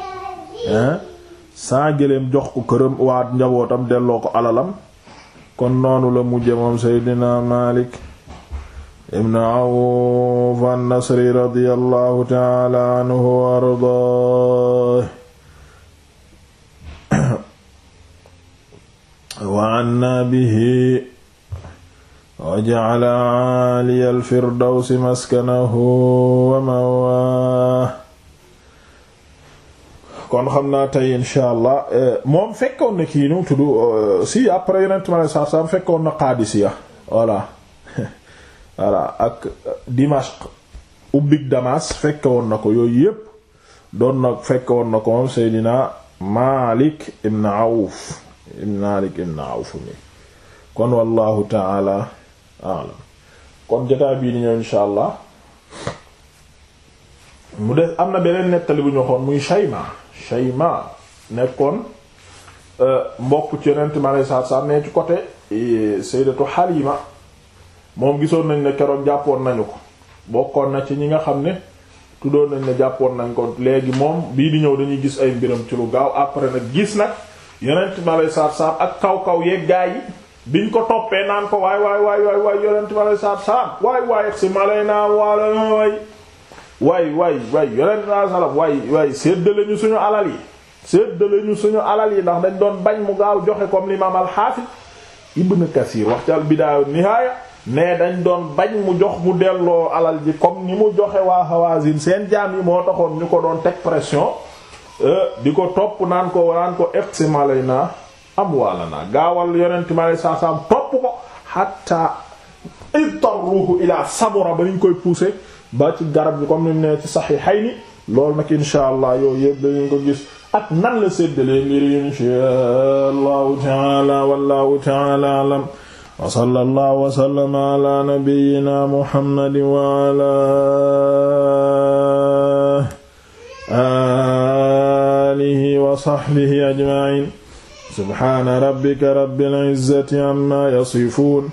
saa gëléem jox ko këram waa njabootam delloo ko alalam kon noonu la mujje moom seydina Maalik ibn Awf an-Nasri radiyallahu taala anhu wa wa anna bihi wa ja'ala 'aaliya al-firdawsi maskanahu wa kon xam naa tey insha allah eh, moom fekkoon na kii nu tudd eh, si après yonent ma saa saa fekkoon na Qadisiya voilà voilà ak eh, Dimashq ubbig Damas fekkoon na ko yooyu yëpp doon na fekkoon na ko moom Seydina Malik ibn Awf Malik ibn Awf kon wallahu taala a'lam kon jotaay bii ni ñëw insha mu def am na beneen nettali bu ñu muy Shayma Shayma nekkoon euh, mbokk ci yonent mi alayhi salaatu salaam ne ci côté euh, Sayyidatu Halima moom gisoon nañ ne keroon jàppoon nañu ko bokkoon na ci ñi nga xam ne tuddoon nañ ne jàppoon nañ ko léegi moom bii di ñëw dañuy gis ay mbiram ci lu gaaw après nag gis nag yonent mi alayhi salaatu salaam ak kaw kaw yeeg gaa yi biñ ko toppee naan ko waay waay waay waay waay yonent mi alayhi salaatu salaam waay waay si malay naa waala waay waaye waay waay yonent saa sallam waay waay sedd ñu suñu alal yi séddale ñu suñu alal yi ndax dañ doon bañ mu gaaw joxe comme l'imam al-Hafiz Ibn Kasir wax ci al-Bidaya an-Nihaya ne dañ doon bañ mu jox mu delloo alal ji comme ni mu joxe waa Hawazin seen jaam yi moo taxoon ñu ko doon teg pression euh, di ko topp naan ko naan ko iqsim alayna amwalana gaawal yonent mi alayhi salaam topp ko hatta ittarruhu ila samura ba ñu koy pousser ba ci garab bi comme ni mu nee ci saxiixayni loolu nag insha allah yooyu yëpp dañu ko gis ak nan la séddalee mbir insha allahu taala wallahu taala alam wa sallallahu wa sallama ala nabiyyina muhammadin wa ala alihi wa sahbihi ajma'in subhana rabbika rabbil izzati amma yasifun